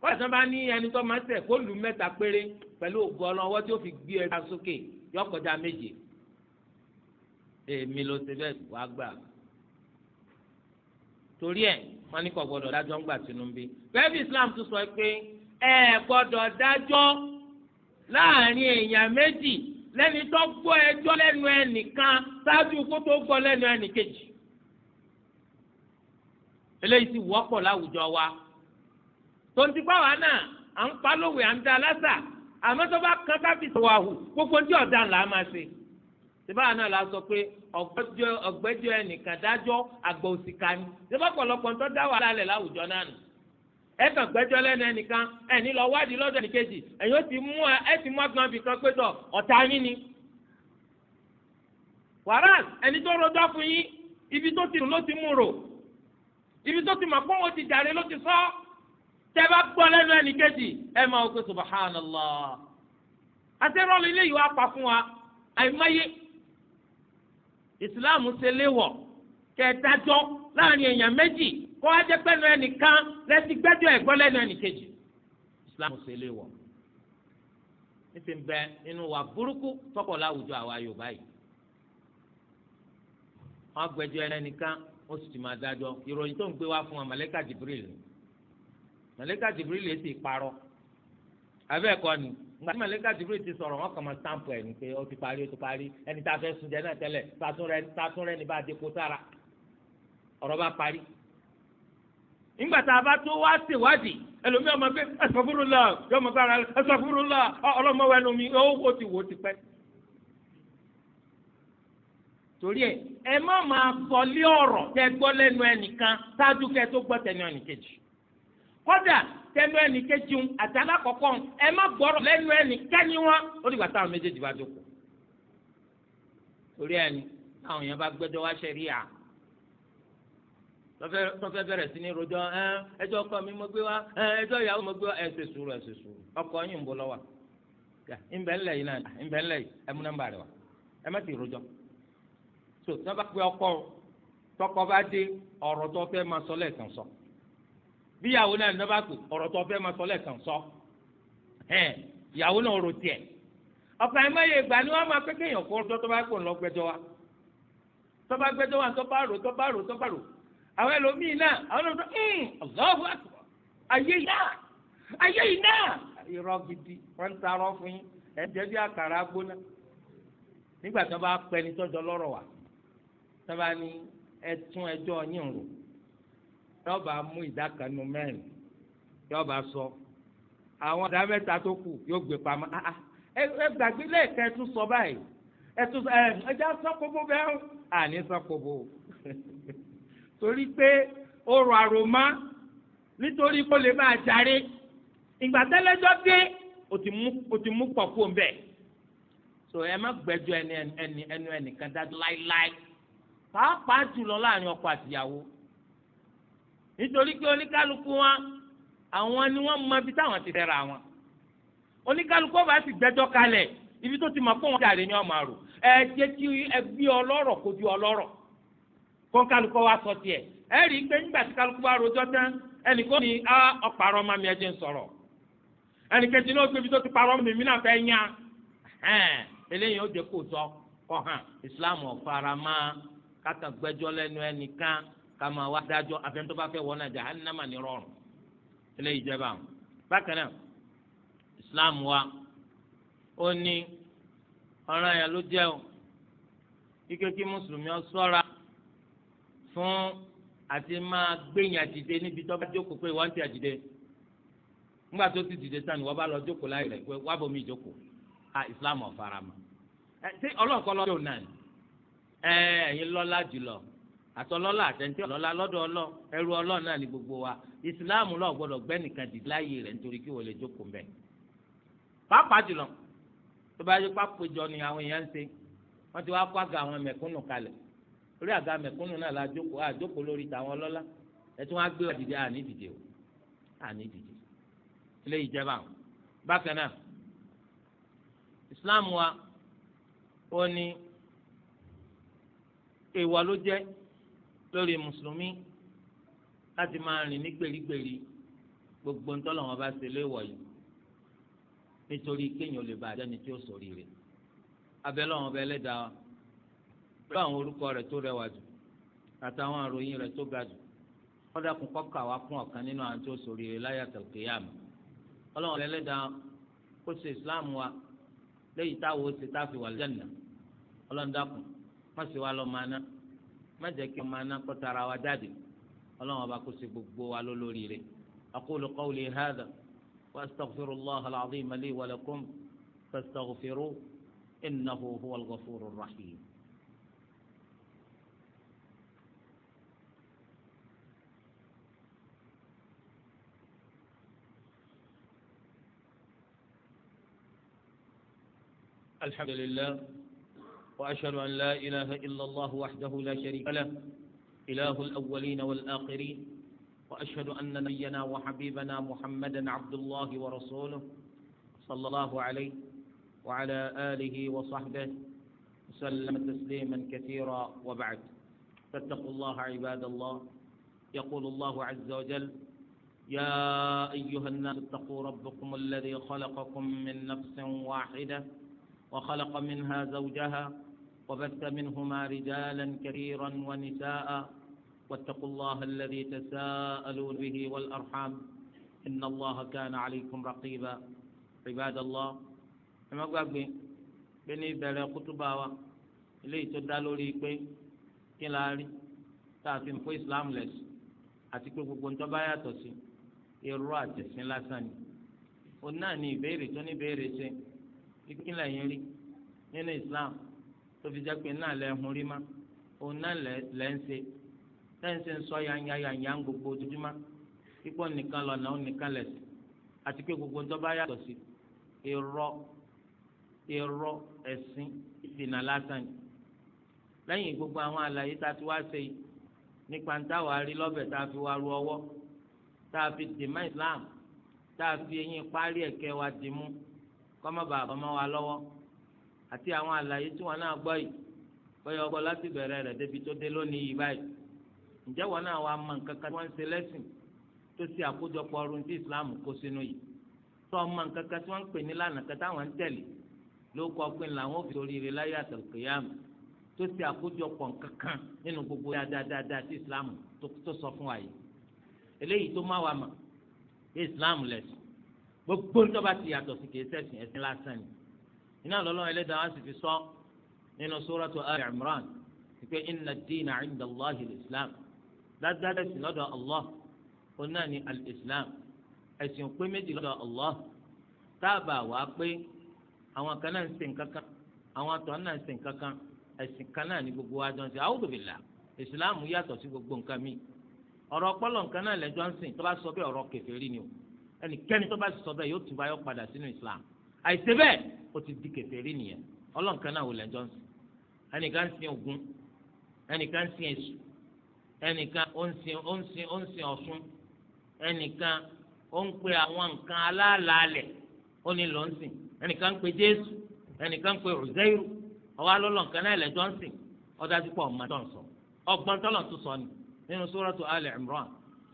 kọ́lá sọ́n bá ní ẹni tó máa ń tẹ̀ kó lù mẹ́ta péré pẹ̀lú ògbó ọlọ́wọ́ tí ó fi gbé ẹ̀ka sókè yọ méje èmi ló ṣe bẹ́ẹ̀ wá gbà torí ẹ̀ wọ́n ní kò gbọ́dọ̀ dájọ́ ń gbà Tinubu bẹ́ẹ̀ Islam tún sọ pé ẹ gbọ́dọ̀ dájọ́ láàrin èèyàn méjì lẹ́ni tó gbọ́ ẹjọ́ lẹ́nu ẹnìkan ṣáájú kó tó gbọ́ lẹ́nu ẹnìkejì eléyìí ti wọ́pọ̀ láwùjọ wa tonti báwa náà à ń pa lówe à ń da lásà àmọ́ tó bá kan káfí sọ̀wọ́ àhù gbogbo ní ọ̀daràn là máa ṣe síbáà náà la sọ pé ọ̀gbẹ́jọ́ ẹnìkan dájọ́ àgbà òsìkà ni síbáà pọ̀lọpọ̀ ń tọ́ dá wàhálà lẹ̀ láwùjọ náà nù ẹ kàn gbẹ́jọ́ lẹ́nu ẹnìkan ẹni lọ wádìí lọ́dọ̀ ẹnìkejì ẹ̀yin ó ti mú ẹ ti mú agbọn bìkan péjọ ọ̀tá yín ni. wàrà ẹni tó rojọ́ fún yín ibi tó ti dùn ló ti mú rò ibi tó ti mọ̀ pé tẹ́ bá gbọ́ lẹ́nu ẹnì kejì ẹ máa wọ pé subahánàlá àtẹrọlù ilé yìí wá pa fún wa àìmọye ìsìláàmù ṣe léwọ̀ kẹtàjọ láàrin èèyàn méjì kó wá jẹ́ pẹ́nu ẹnìkan lẹ́sí ẹ̀gbọ́ lẹ́nu ẹnì kejì ìsìláàmù ṣe léwọ̀ níbi ń bẹ wa burúkú láwùjọ àwa Yorùbá yìí wọ́n ẹnìkan ó sì ti máa ìròyìn fún wa Jibril màlẹ́kà Jibril èsì parọ́ abẹ́ ẹ̀kọ́ ni nígbà tí màlẹ́kà Jibril ti sọ̀rọ̀ wọn kàn máa stamp ẹ̀ ní pé ó ti parí ó ti parí ẹni tá a fẹ́ sùn jẹ́ náà tẹ́lẹ̀ tatúnrẹ́ ni bá a ti kó sára ọ̀rọ̀ bá parí. nígbà tá a bá tó wá ṣèwádìí ẹlòmíì ọmọ pé ẹsọfúrúlà yóò mọ sára ẹsọfúrúlà ọlọmọwẹnu mi ó ti wò ó ti pẹ́. torí ẹ ẹ má máa kọ́lé ọ̀rọ̀ tẹ gbọ́ lẹ́nu ẹnìkan ṣáájú kẹ tó gbọ́ tẹnu ẹnìkejì kódà tẹnu ẹnì kejì ń àtàlà kọ̀ọ̀kan ẹ má gbọ́rọ̀ lẹ́nu ẹnì kẹ́ni wọn ó dìgbà táwọn méjèèjì bá jókòó. torí ẹni táwọn èèyàn bá gbẹ́jọ́ wá ṣe rí à tọ́fẹ́ bẹ̀rẹ̀ sí ní rojọ́ ẹjọ́ ọkọ mi mo gbé wá ẹjọ́ ìyàwó mo gbé wá ẹ ṣe sùúrù ẹ ṣe sùúrù ọkọ yín ń bọ̀ lọ́wọ́ ìbẹ̀lẹ̀ yìí náà ìbẹ̀lẹ̀ yìí ẹ mú nọ́mbà rẹ wá ẹ má ti rojọ́ so tọ́ba pé ọkọ tọkọ bá dé ọ̀rọ̀ tó fẹ́ máa sọ lẹ́ẹ̀kan sọ bíyàwó náà ní bá pè ọ̀rọ̀ tó fẹ́ máa sọ lẹ́ẹ̀kan sọ ẹ̀ẹ́n ìyàwó náà rò tiẹ̀ ọ̀pọ̀ ẹ̀ mẹ́yẹ ìgbà ni wọ́n máa pé kéèyàn kó ọjọ́ tó bá pò lọ gbẹ́jọ́ wa tó bá gbẹ́jọ́ wa tó bá rò tó bá rò tó bá rò àwọn ẹlòmíì náà àwọn ọ̀dọ́ hmm, Allahu akbar ayé náà ayé yìí náà irọ́ gidi wọ́n ń tarọ́ fún yín ẹ̀jẹ̀ bí àkàrà gbóná nígbà tó bá pẹ́ni tọ́jọ́ lọ́rọ̀ wa tó bá ní ẹ̀tún ẹjọ́ yín rò yóò bá mú ìdá kan nu mẹ́rin yóò bá sọ àwọn ìdá mẹ́ta tó kù yóò gbé pamọ́ ah, ah, ẹ gbàgbé lẹ́ẹ̀kan ẹ tún sọ báyìí ẹ tún ẹ ẹ já sọ́kòbó bẹ́ẹ̀ àní sọ́kòbó torí pé ó rọ àròmá nítorí kó lè máa jàre ìgbà tẹ́lẹ́jọ́ dé o ti mú pọ̀ kó mbẹ́ so ẹ má gbẹ́jọ́ ẹni ẹni ẹnu ẹnìkan dájú láéláé pàápàá jùlọ láàrin ọkọ àtìyàwó nítorí pé oníkálukú wọn àwọn ni wọ́n mọ ibi táwọn ti fẹ́ra wọn oníkálukú ọba sì gbẹ́jọ́ kalẹ̀ ibi tó ti mọ̀ pé wọ́n jàre ni ọmọ rò ẹ jẹ́ kí ẹbí ọlọ́rọ̀ kojú ọlọ́rọ̀ kó kálukú wa sọ tiẹ̀ ẹ rí i pé nígbà tí kálukú bá rojọ́ tán ẹnì kò ní ọ̀pàrọ̀ ọmọ mi ẹ jẹ́ ń sọ̀rọ̀ ẹnì kejì náà gbé ibi tó ti parọ́ mi mí náà fẹ́ yán eléyìí ó jẹ́ kó sọ kọ́ hàn Islam ọ̀fara máa kátàgbẹ́jọ́ lẹ́nu ẹnìkan Kama máa wá dájọ́ àfẹn tó bá fẹ́ wọ́n náà jahannama ní rọrùn eléyìí jẹba àwọn. bákan náà islam wa ó ní ọ̀ràn yẹn ló jẹ́ o kíkẹ́ kí mùsùlùmí ọ sọ́ra fún àti máa gbẹ̀yìn àdìde níbi tó bá jókòó pé wọ́n ti àdìde nígbà tó ti dìde sani wọ́n bá lọ jókòó láyé rẹ̀ pé wàá bomi jókòó a islam ọ̀farama ẹ ṣé ọlọ́ọ̀kọ́ lọ́ọ́ yóò náà ẹ̀yin lọ́la jùlọ àtọlọ́lá àtẹ̀ntẹ́ ọlọ́lá lọ́dọ̀ ọlọ́ ẹrú ọlọ́ náà ni gbogbo wa ìsìláàmù ló gbọ́dọ̀ gbẹ́nìkan dì láàyè rẹ̀ nítorí kí wọ́n lè jókòó mbẹ́. pàápàá jùlọ tó bá yẹ pápéjọ ni àwọn èèyàn ń ṣe wọ́n ti wá kó àga àwọn mẹ̀kúnnù kalẹ̀ orí àga mẹ̀kúnnù náà la jókòó àjókòó lórí tàwọn ọlọ́lá ẹ tí wọ́n á gbé àdìdì àní dìde o àní dìde ilé ìjẹba àwọn bákan náà ìsìláàmù wa ó ní èèwọ̀ ló jẹ́ lórí mùsùlùmí láti máa rìn ní gbèrígbèrí gbogbo ń tọ́lọ̀ wọn bá ṣe léwọ̀ yìí nítorí kéèyàn lè bàjẹ́ ni tí ó sòrí rẹ̀ abẹ́lẹ́ wọn bẹ lẹ́dàá pẹ̀lú àwọn orúkọ rẹ̀ tó rẹwà jù àtàwọn àròyìn rẹ̀ tó ga jù wọ́n dákun kọ́kà wá fún ọ̀kan nínú àwọn tí ó sòrí rẹ̀ láyà tẹ̀lkéyàmù ọlọ́wọ́n bẹ lẹ́dàá kó ṣe ìsìláàmù wa léyìí táwọn ó ṣe táfi wà lẹ́nà ọlọ́ndàkùn wọ́n sì wá lọ́ọ́ máa ná má jẹ́ kí ọmọ aná kọ́ta ara wa jáde ọlọ́run ọba kó sí gbogbo wa lólórí rẹ̀ akólo qawli hàdà wa astaghfirullah al-azim li wa lakum fastaghfiru innahu huwal ghafurur rahim. الحمد لله وأشهد أن لا إله إلا الله وحده لا شريك له إله الأولين والآخرين وأشهد أن نبينا وحبيبنا محمدا عبد الله ورسوله صلى الله عليه وعلى آله وصحبه وسلم تسليما كثيرا وبعد فاتقوا الله عباد الله يقول الله عز وجل يا أيها الناس اتقوا ربكم الذي خلقكم من نفس واحدة وخلق منها زوجها وبث منهما رجالا كثيرا ونساء واتقوا الله الذي تساءلون به والأرحام إن الله كان عليكم رقيبا عباد الله أما قبل بني بلا قطبا إلي تدالوا لي كي كلاري تافين في إسلام لس أتكو كنت باياتو سي irú àtẹ̀sìn lásán ni òun náà ní ìbéèrè tó ní ìbéèrè ṣe nínú Islam tó fi jẹ́ pé náà lẹ́ hun rí ma òun náà lẹ́ ń ṣe tẹ́ǹsì ń sọ yanyayanya ń gbogbo ojoojúmọ́ pípọ̀ nìkan lọ́nà ó nìkan lẹ̀sìn àti pé gbogbo ń tọ́ba yàtọ̀ sí irọ́ irọ́ ẹ̀sìn ìdènà lásán ni lẹ́yìn gbogbo àwọn àlàyé tá a ti wá ṣe nípa ń táwa rí lọ́bẹ̀ tá a fi wá ru ọwọ́ tá a fi dèmọ́ Islam tá a fi eyín parí ẹ̀kẹ́ wa dìmú kọ́mọ́bà àbọ̀mọ́ wa lọ́wọ́ àti àwọn àlàyé tí wọn náà gbọ́ yìí bóyá ọgbọ láti bẹ̀rẹ̀ rẹ̀ débi tó dé lónìí yìí báyìí ǹjẹ́ wọn náà wàá mọ nǹkan kan tí wọ́n ń ṣe lẹ́sìn tó ṣe àkójọpọ̀ ọrùn tí Islam kó sínú yìí tó ọmọ nǹkan kan tí wọ́n ń pè ní lànà kan táwọn ń tẹ̀lé ló kọ́ pé làwọn òfin oríire láyé àtàlùkìyàmù tó ṣe àkójọpọ̀ nǹkan kan nínú gbogbo dáadáa tí Islam tó sọ fún wa yìí eléyìí tó má wa mọ̀ Islam lẹ̀sìn gbogbo ń tọ́ bá ti yàtọ̀ sí kìí ṣẹ̀sìn ẹ̀sìn lásán ni iná lọ́lọ́run ẹlẹ́dàá sì fi sọ nínú suratu ali imran pé inna ad-dina 'inda allahi al-islam dáadáa ẹ̀sìn lọ́dọ̀ allah òun náà ni al-islam ẹ̀sìn òpé méjì lọ́dọ̀ allah táàbà wàá pé àwọn kan náà ń sìn kankan àwọn àtọ̀ náà ń sìn kankan ẹ̀sìn kan náà ni gbogbo wa jọ ń sìn a'udhu yàtọ̀ sí gbogbo nǹkan míì ọ̀rọ̀ ọpọlọ nǹkan náà lẹ́jọ́ ń sìn tó bá sọ bẹ́ẹ̀ ọ̀rọ̀ kèfèrí ni o ẹnikẹ́ni tó bá sọ bẹ́ẹ̀ yóò tún bá padà sínú islam àìsè bẹ́ẹ̀ ó ti di kèfèrí nìyẹn ọlọ́run kan náà wò lẹ́jọ́ ń sìn ẹnìkan ń sin Ògún ẹnìkan ń sin Èṣù ẹnìkan ó ń sin ó ń sin ó ń sin Ọ̀ṣun ẹnìkan ó ń pe àwọn nǹkan aláàlálẹ̀ ó ní lọ́n sìn ẹnìkan ń pe Jésù ẹnìkan ń pe Uzairu ọwọ́ alọ́lọ́run kan náà lẹ́jọ́ ń sìn ọdájú pọ̀ ọ̀ma tó ń sọ ọgbọ́n tọ́lọ̀ tó sọ ni nínú suratu Ali Imran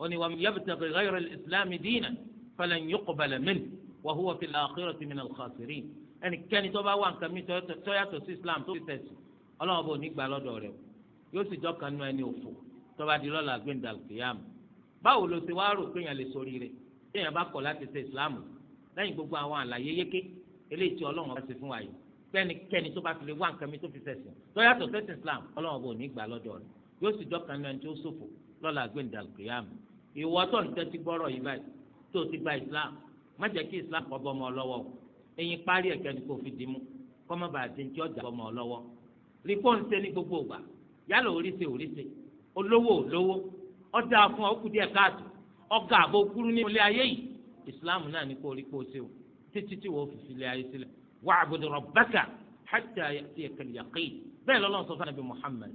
ó ní wa man yabtaghi ghayra al-islami dinan falan yuqbala minhu wa huwa fil akhirati minal khasirin ẹnikẹ́ni tó bá wà nǹkan mi tó yàtọ̀ sí islam tó fi tẹ̀sí ọlọ́run bò ní gbà lọ́dọ̀ rẹ̀ yóò sì jọ́kan nú ẹni òfò tó bá di lọ́la gbẹ̀ndà kìyàm báwo ló ti wá rò pé èèyàn lè sórí rẹ̀ tí èèyàn bá kọ̀ láti ṣe islam lẹ́yìn gbogbo àwọn àlàyé yéké eléyìí tí ọlọ́run bá ṣe fún wa yìí pẹ́nikẹ́ni tó bá má jẹ́ kí islam kọ́ bọ́mọ lọ́wọ́ o eyín parí ẹ̀kẹ́ ni kò fi dì mú kọ́ má bàa di ní tí ọjà bọ́mọ lọ́wọ́ rí kó ń ṣe ní gbogbo ìgbà yálà oríṣi oríṣi olówó olówó ọjà fún ọkù díẹ̀ káàtó ọgá àbò kúrú ní ilé ayé yìí islam náà ní kó rí kó ṣe o títí tí wọ́n fi fi ilé ayé sílẹ̀ wa'budu rabbaka hatta ya'tiyakal yaqin bẹ́ẹ̀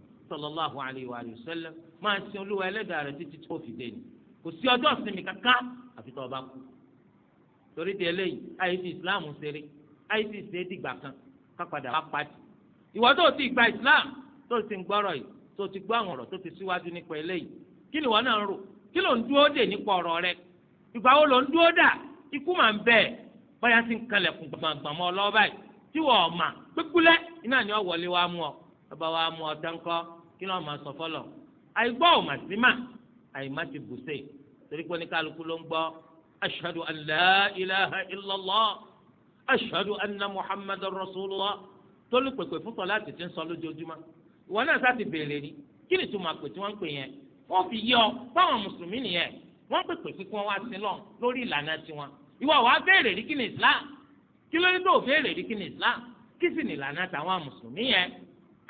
torí di eléyìí àyèsí islam ṣeré àyèsí ṣe é dìgbà kan kápadà wá pàdé ìwọ tó ti gba islam tó ti ń gbọ́rọ̀ yìí tó ti gbọ́ àwọn ọ̀rọ̀ tó ti síwájú nípa eléyìí kí ni ìwọ náà ń rò kí ló ń dúró dè nípa ọ̀rọ̀ rẹ ìgbà wo ló ń dúró dà ikú màá ń bẹ báyà sí ń kalẹ̀kùn gbàngbàmọ́ ọlọ́wọ́ báyìí tí wọ́n mà gbégbúlẹ̀ iná ni wọ́n wọlé wa mú ọ ọba wa mú ọ dáńkọ́ kí ló máa sọ fọlọ àìgbọ́ ò mà sí ti bùsè torí pé oníkálukú ló ń gbọ́ أشهد أن لا إله إلا الله أشهد أن محمد رسول الله tó lè pèpè fún sọlá tètè ń sọ lójoojúmọ́ ìwọ náà sá ti béèrè ni kí ni tó máa pè tí wọ́n ń pè yẹn wọ́n fi yọ fáwọn mùsùlùmí nìyẹn wọ́n pèpè sí kí wọ́n wá sí lọ lórí ìlànà tiwọn ìwọ wàá béèrè rí kí ni Islam kí ló tó béèrè rí kí ni Islam kí sì ni ìlànà tàwọn mùsùlùmí yẹn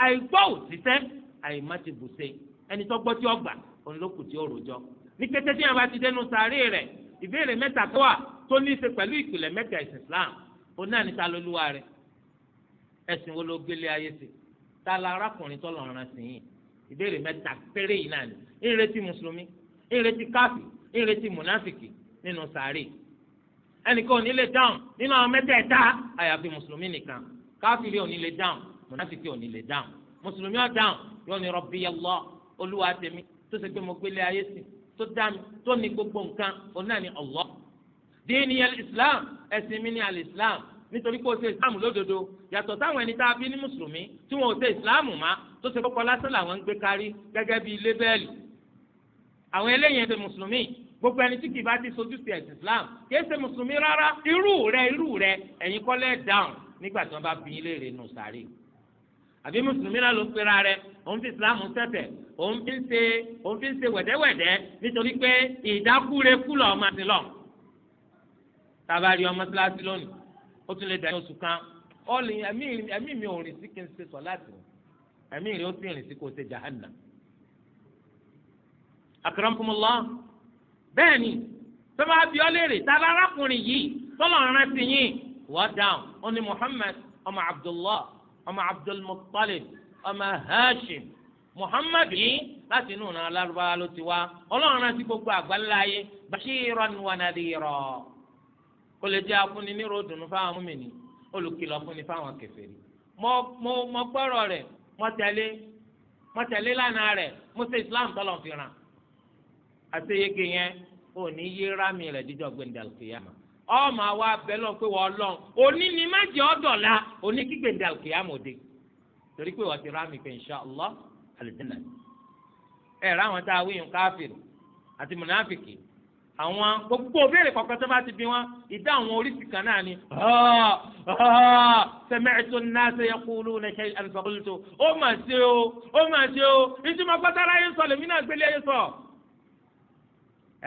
àìgbọ́ òtítẹ́ àìmá ti bùṣe ẹni tó gbọ́ tí ó gbà òun ló kù tí ó rojọ́ ní kété tí yẹn bá ti dénú sàárè rẹ̀ ìbéèrè mẹ́ta tó wà tó ní í ṣe pẹ̀lú ìpìlẹ̀ mẹ́ta ìsìn Islam òun náà ní ta lolúwa rẹ ẹ̀sìn wo ló gbélé ayé sí ta la arákùnrin tó lọ́ọ́ ran sí yìí ìbéèrè mẹ́ta péré yìí náà ni ìrètí mùsùlùmí ìrètí káfí ìrètí mùnáfìkì nínú sàárè ẹnìkan ò ní lè dáhùn nínú àwọn mẹ́tẹ̀ẹ̀ta àyàfi mùsùlùmí nìkan káfíìrì ò ní lè dáhùn mùnáfìkì ò ní lè dáhùn mùsùlùmí ò dáhùn yóò ní rọbíyàlá olúwa tèmi tó ṣe pé mo gbélé ayé sìn tó dáni tó ní gbogbo nǹkan òun náà ni Allah díìnì islam ẹ̀sìn mi ni al islam nítorí pé o ṣe islam lódodo yàtọ̀ sáwọn ẹni tá a bí ní mùsùlùmí tí wọn ò ṣe islam má tó ṣe kọ́kọ́ lásán làwọn ń gbé kárí gẹ́gẹ́ bí lébẹ́ẹ̀lì àwọn eléyìí ṣe mùsùlùmí gbogbo ẹni tí kì í bá ti sojú sí ẹ̀sìn islam kì í ṣe mùsùlùmí rárá irú rẹ irú rẹ ẹ̀yin kọ́lẹ̀ dáhùn nígbà tí wọ́n bá bí ilé rẹ̀ nù sáré àbí mùsùlùmí náà ló ń pera rẹ̀ òun fi islam sẹ̀tẹ̀ òun fi ń ṣe òun fi ń ṣe wẹ̀dẹ́wẹ̀dẹ́ nítorí pé ìdákúrekú lọ ọmọ àti lọ. tábàárí ọmọ síláàsì lónìí ó tún lè dàgbà oṣù kan ọ̀lì ẹ̀mí mi ò rìn sí kí n ṣe sọ láti rìn ẹ̀mí rìn ó sì rìn sí kó ṣe jahanna. akramakumullah bẹ́ẹ̀ ni tó bá bí ọ léèrè tá a bá arákùnrin yìí tọ́lọ̀ rántí yín wọ́n dáhùn ó ní Muhammad ọmọ Abdullah ọmọ abdulmutalib ọmọ hashim muhammad yìí láti inú ọ̀nà alárúbáwá ló ti wá ọlọ́run náà ti gbogbo àgbáńlá ayé bashiran wa nadira kó lè jẹ́ afúnni ní ròdùnú fáwọn múmìnì olùkìlọ̀ fúnni fáwọn kèfèrí mo mo mo gbọ́rọ̀ rẹ̀ mo tẹ̀lé mo tẹ̀lé lánàá rẹ̀ mo ṣe islam tọ́lọ̀ fi ràn àṣeyege yẹn ò ní yé rámì rẹ̀ díjọ́ ọmọ àwa abẹ́lọ́ pé wọ́n lọ́n òní ni má jẹ́ ọ̀dọ̀la òní kígbèdé àlùkè àmọ̀dé torí pé wọ́n ti rá mi pé insha Allah àlùjẹ́nà ẹ̀ ráwọn tá a wí yín káfíìn àti mùnáfìkì àwọn gbogbo òbéèrè kọ̀ọ̀kan tó bá ti bí wọn ìdá àwọn oríṣi kan náà ni sami'tu an-nasa yaquluna shay'an faqultu ó mà ṣe o ó mà ṣe o ìtumọ̀ pátálá yín sọ lèmi náà gbélé yín sọ.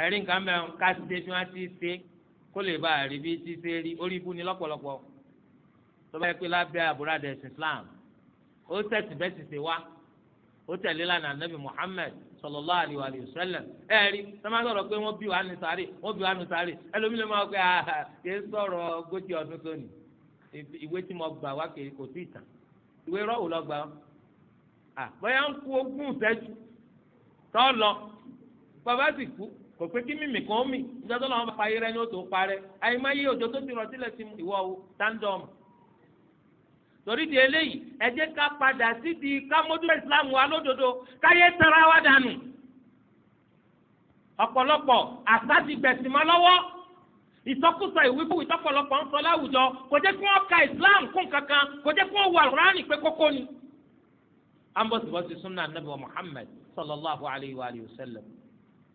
ẹ̀rí nǹkan mẹ́rin ká ti dé bí wọ́n ti ṣe é kó lè bá rí bí ti ṣe rí orí ibú ni lọ́pọ̀lọpọ̀ tó bá yẹ pé lábẹ́ àbúradà ẹ̀sìn Islam ó tẹ̀sí bẹ́ẹ̀ sì wá ó tẹ̀lé lánàá nàbì Muhammad wa alihi wasallam rí sọ́mọ́ sọ̀rọ̀ pé wọ́n bí wàá nu sáré wọ́n bí wàá nu sáré ẹlòmílẹ̀ máa pẹ́ ah, kì í sọ̀rọ̀ gójì ọdún sóni ìwé tí mo gbà wá kò sí ìtàn ìwé lọ kò pé kí mímì kan mì nígbà tó lọ́wọ́ parí rẹ ni ó tó parẹ́ àyìnmáyé òjò tó ti rọ̀ sílẹ̀ sí ìwọ o tándọ̀mù torí di eléyìí ẹ jẹ́ ká padà sídìí ká mójútó islam wa lódodo káyé tara wa dànù ọ̀pọ̀lọpọ̀ àsádìgbẹ̀sìmọ́ lọ́wọ́ ìsọkúsọ ìwíkú ìtọ́pọ̀lọpọ̀ ń sọ láwùjọ kò jẹ́ kí wọ́n ka islam kún kankan kò jẹ́ kí wọ́n wà ránì pé kókó ni. ambosibosi sunna anabi wa muhammad sallallahu alayhi wa sallam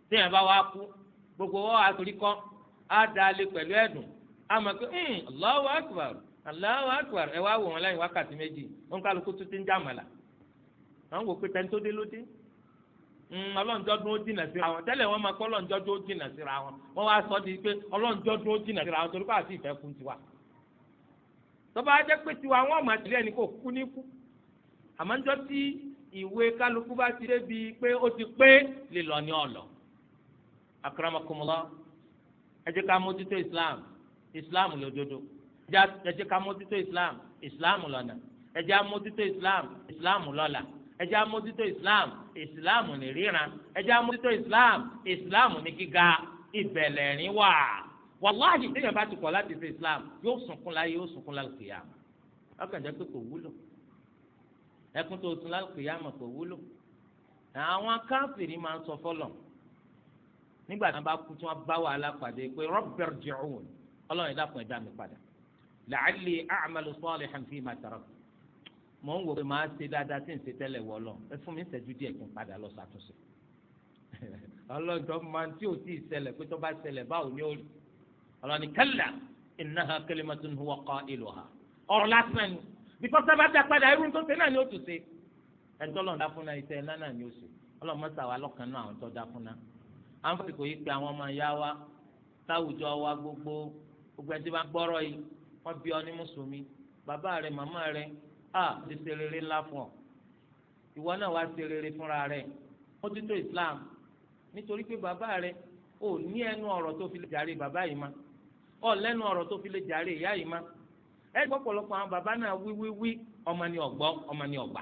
téèyàn bá wá kú gbogbo wọn àtòrí kọ́ á da lé pẹ̀lú ẹ̀dùn á mọ̀ pé hmm, Allahu akbar Allahu akbar ẹ wá wò wọn lẹ́yìn wákàtí méjì wọn kálukú tó ti ń jàmàlà àwọn wò pé tẹ́ńtó dé ló dé hmm, ọlọ́njọ́dún ó dìnà síra wọn tẹ́lẹ̀ wọ́n máa kọ́ ọlọ́njọ́dún ó dìnà síra wọn wọ́n wá sọ di pé ọlọ́njọ́dún ó dìnà síra wọn torí pé àti ìfẹ́ kún tiwa. tọ́ba ajẹ́ pé tiwa wọ́n máa tẹ̀lé ẹni kò kú ní kú àmọ́ njọ́ tí ìwé kálukú bá ti débi pé ó ti pé lè lọ ní ọ̀lọ́ akramakumullah ẹ jẹ́ ká mójútó islam islam lódodo ẹ jẹ́ ká mójútó islam islam lọ́nà ẹ jẹ́ amójútó islam islam lọ́la ẹ jẹ́ amójútó islam islam ní ríran ẹ jẹ́ amójútó islam islam ní gíga ìbẹ̀lẹ̀ rìn wà wàláhì téèyàn bá ti kọ̀ láti ṣe islam yóò sunkún láyé yóò sunkún lálùkìyàmà ọkàn jẹ́ pé kò wúlò ẹkún tó sun lálùkìyàmà kò wúlò àwọn káfìrí máa ń sọ fọlọ́n nígbà tí wọ́n bá kú tí wọ́n bá wàhálà pàdé pé rọ́bìrì jẹun ọlọ́run ẹ̀dá kan ẹ̀dá mi padà làálì àmàlù sọ́ọ̀lì hànfì máa tẹ̀rọ. mò ń wò pé màá ṣe dáadáa tí n ṣe tẹ́lẹ̀ wọ lọ ẹ fún mi ń ṣẹ́jú díẹ̀ kí n padà lọ ṣàtúnṣe. ọlọ́dọ̀ máa tí ò tí ì ṣẹlẹ̀ pé tó bá ṣẹlẹ̀ báwo ni ó rí. ọlọ́ni kalla innaha kalimatun huwa qailuha ọ̀rọ̀ lásán ni bíkọ́ sábà dá padà irú tó ṣe náà ni ó tù ṣe. ẹ̀ńtọ́ àǹfààní kò yí pé àwọn ọmọ ìyá wa táwùjọ wa gbogbo gbogbo ẹtí bá gbọ́rọ̀ yìí wọ́n bí ọ ní mùsùlùmí bàbá rẹ màmá rẹ a ti ṣe rere ńlá fún ọ ìwọ náà wá ṣe rere fúnra rẹ ó ti tó Islam nítorí pé bàbá rẹ ò ní ẹnu ọ̀rọ̀ tó fi lè jàre bàbá yìí ma ò lẹ́nu ọ̀rọ̀ tó fi lè jàre ìyá yìí ma ẹ gbọ́ àwọn bàbá náà wíwíwí ọmọ ni ọ̀gbọ́ ọmọ ni ọ̀gbà.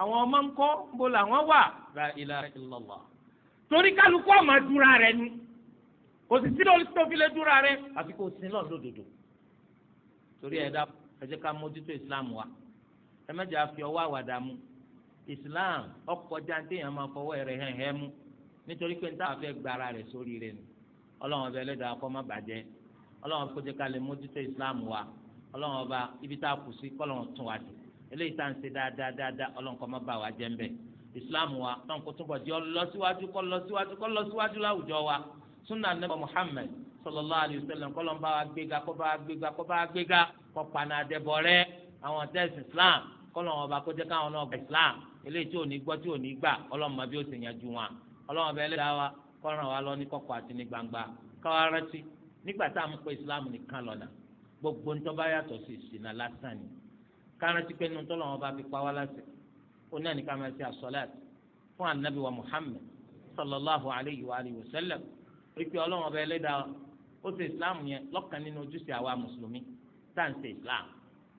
àwọn ọmọ ń kọ́ bó làwọn wà la ilaha illallah torí kálukú ọmọ dúra rẹ ni kò sì sílẹ̀ olùsí tó fi lè dúra rẹ àfi kò sí lọ́ọ̀ lódodo torí ẹ̀dá ẹ jẹ́ ká mójútó islam wa ẹ má jẹ́ àfi ọwọ́ àwàdà mu islam ọkọ̀ jáde yẹn máa fọwọ́ rẹ̀ hẹ́n hẹ́n mu nítorí pé níta àfẹ́ gbára rẹ̀ sórí rẹ̀ ni ọlọ́run ọba ẹlẹ́dàá kọ́ má bàjẹ́ ọlọ́run kó jẹ́ ká lè mójútó islam wa ọlọ́run ọba ibi tá a kù sí kọ́lọ́run tún wa eléyìí tá à ń ṣe dáadáa dáadáa ọlọ́nkọ́ má bà wá jẹ́ ń bẹ̀ islam wa náà kó túbọ̀ di ọlọ́síwájú kọ́ lọ́síwájú kọ́ lọ́síwájú láwùjọ wa sunna nebà muhammed sallallahu alayhi wa sallam kọ́ lọ́n bá wa gbéga kọ́ bá wa gbéga kọ́ bá wa gbéga kọ́ paná adẹ́bọ̀ àwọn tẹ́sí islam kọ́ lọ́n ọba kó jẹ́ káwọn náà gba islam eléyìí tí ò ní gbọ́ tí ò ní gbà ọlọ́mọ bí ó sì yanjú wọn ọlọ́mọ bẹ́ẹ̀ lẹ́dá wa kọ́ ràn wá lọ islam nìkan lọ́nà gbogbo ń tọ́ bá yàtọ̀ sí ìsìn kárántí pé nínú tọ́lọ̀ wọn bá fi pa wá láti ó náà ní ká máa ṣe àsọ̀láàt fún anabi wa muhammed sallallahu alayhi wa alayhi wa sallam wípé ọlọ́wọ́n ọba ẹlẹ́dàá ó ṣe islam yẹn lọ́kàn nínú ojúṣe àwa mùsùlùmí tá à ń ṣe islam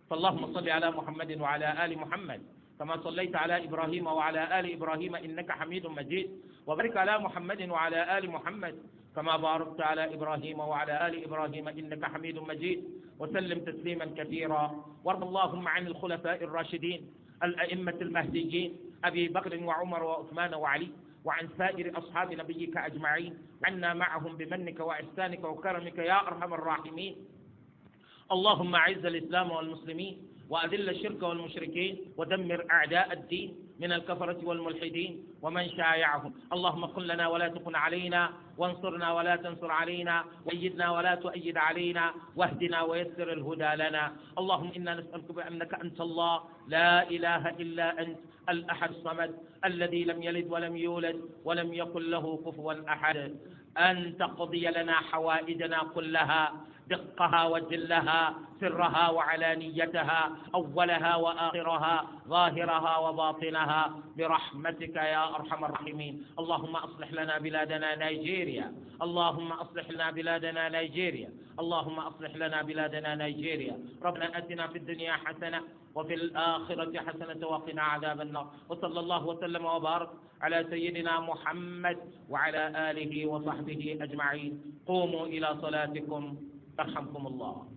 sallallahu salli ala muhammadin wa ala ali muhammad كما صليت على إبراهيم وعلى آل إبراهيم إنك حميد مجيد وبارك على محمد وعلى آل محمد كما باركت على إبراهيم وعلى آل إبراهيم إنك حميد مجيد وسلم تسليما كثيرا وارض اللهم عن الخلفاء الراشدين الأئمة المهديين أبي بكر وعمر وعثمان وعلي وعن سائر أصحاب نبيك أجمعين عنا معهم بمنك وإحسانك وكرمك يا أرحم الراحمين اللهم أعز الإسلام والمسلمين وأذل الشرك والمشركين ودمر أعداء الدين من الكفرة والملحدين ومن شايعهم اللهم كن لنا ولا تكن علينا وانصرنا ولا تنصر علينا وأيدنا ولا تؤيد علينا واهدنا ويسر الهدى لنا اللهم إنا نسألك بأنك أنت الله لا إله إلا أنت الأحد الصمد الذي لم يلد ولم يولد ولم يكن له كفوا أحد أن تقضي لنا حوائجنا كلها دقها وجلها سرها وعلانيتها أولها وآخرها ظاهرها وباطنها برحمتك يا أرحم الراحمين اللهم أصلح لنا بلادنا نيجيريا اللهم أصلح لنا بلادنا نيجيريا اللهم أصلح لنا بلادنا نيجيريا ربنا أتنا في الدنيا حسنة وفي الآخرة حسنة وقنا عذاب النار وصلى الله وسلم وبارك على سيدنا محمد وعلى آله وصحبه أجمعين قوموا إلى صلاتكم أرحمكم الله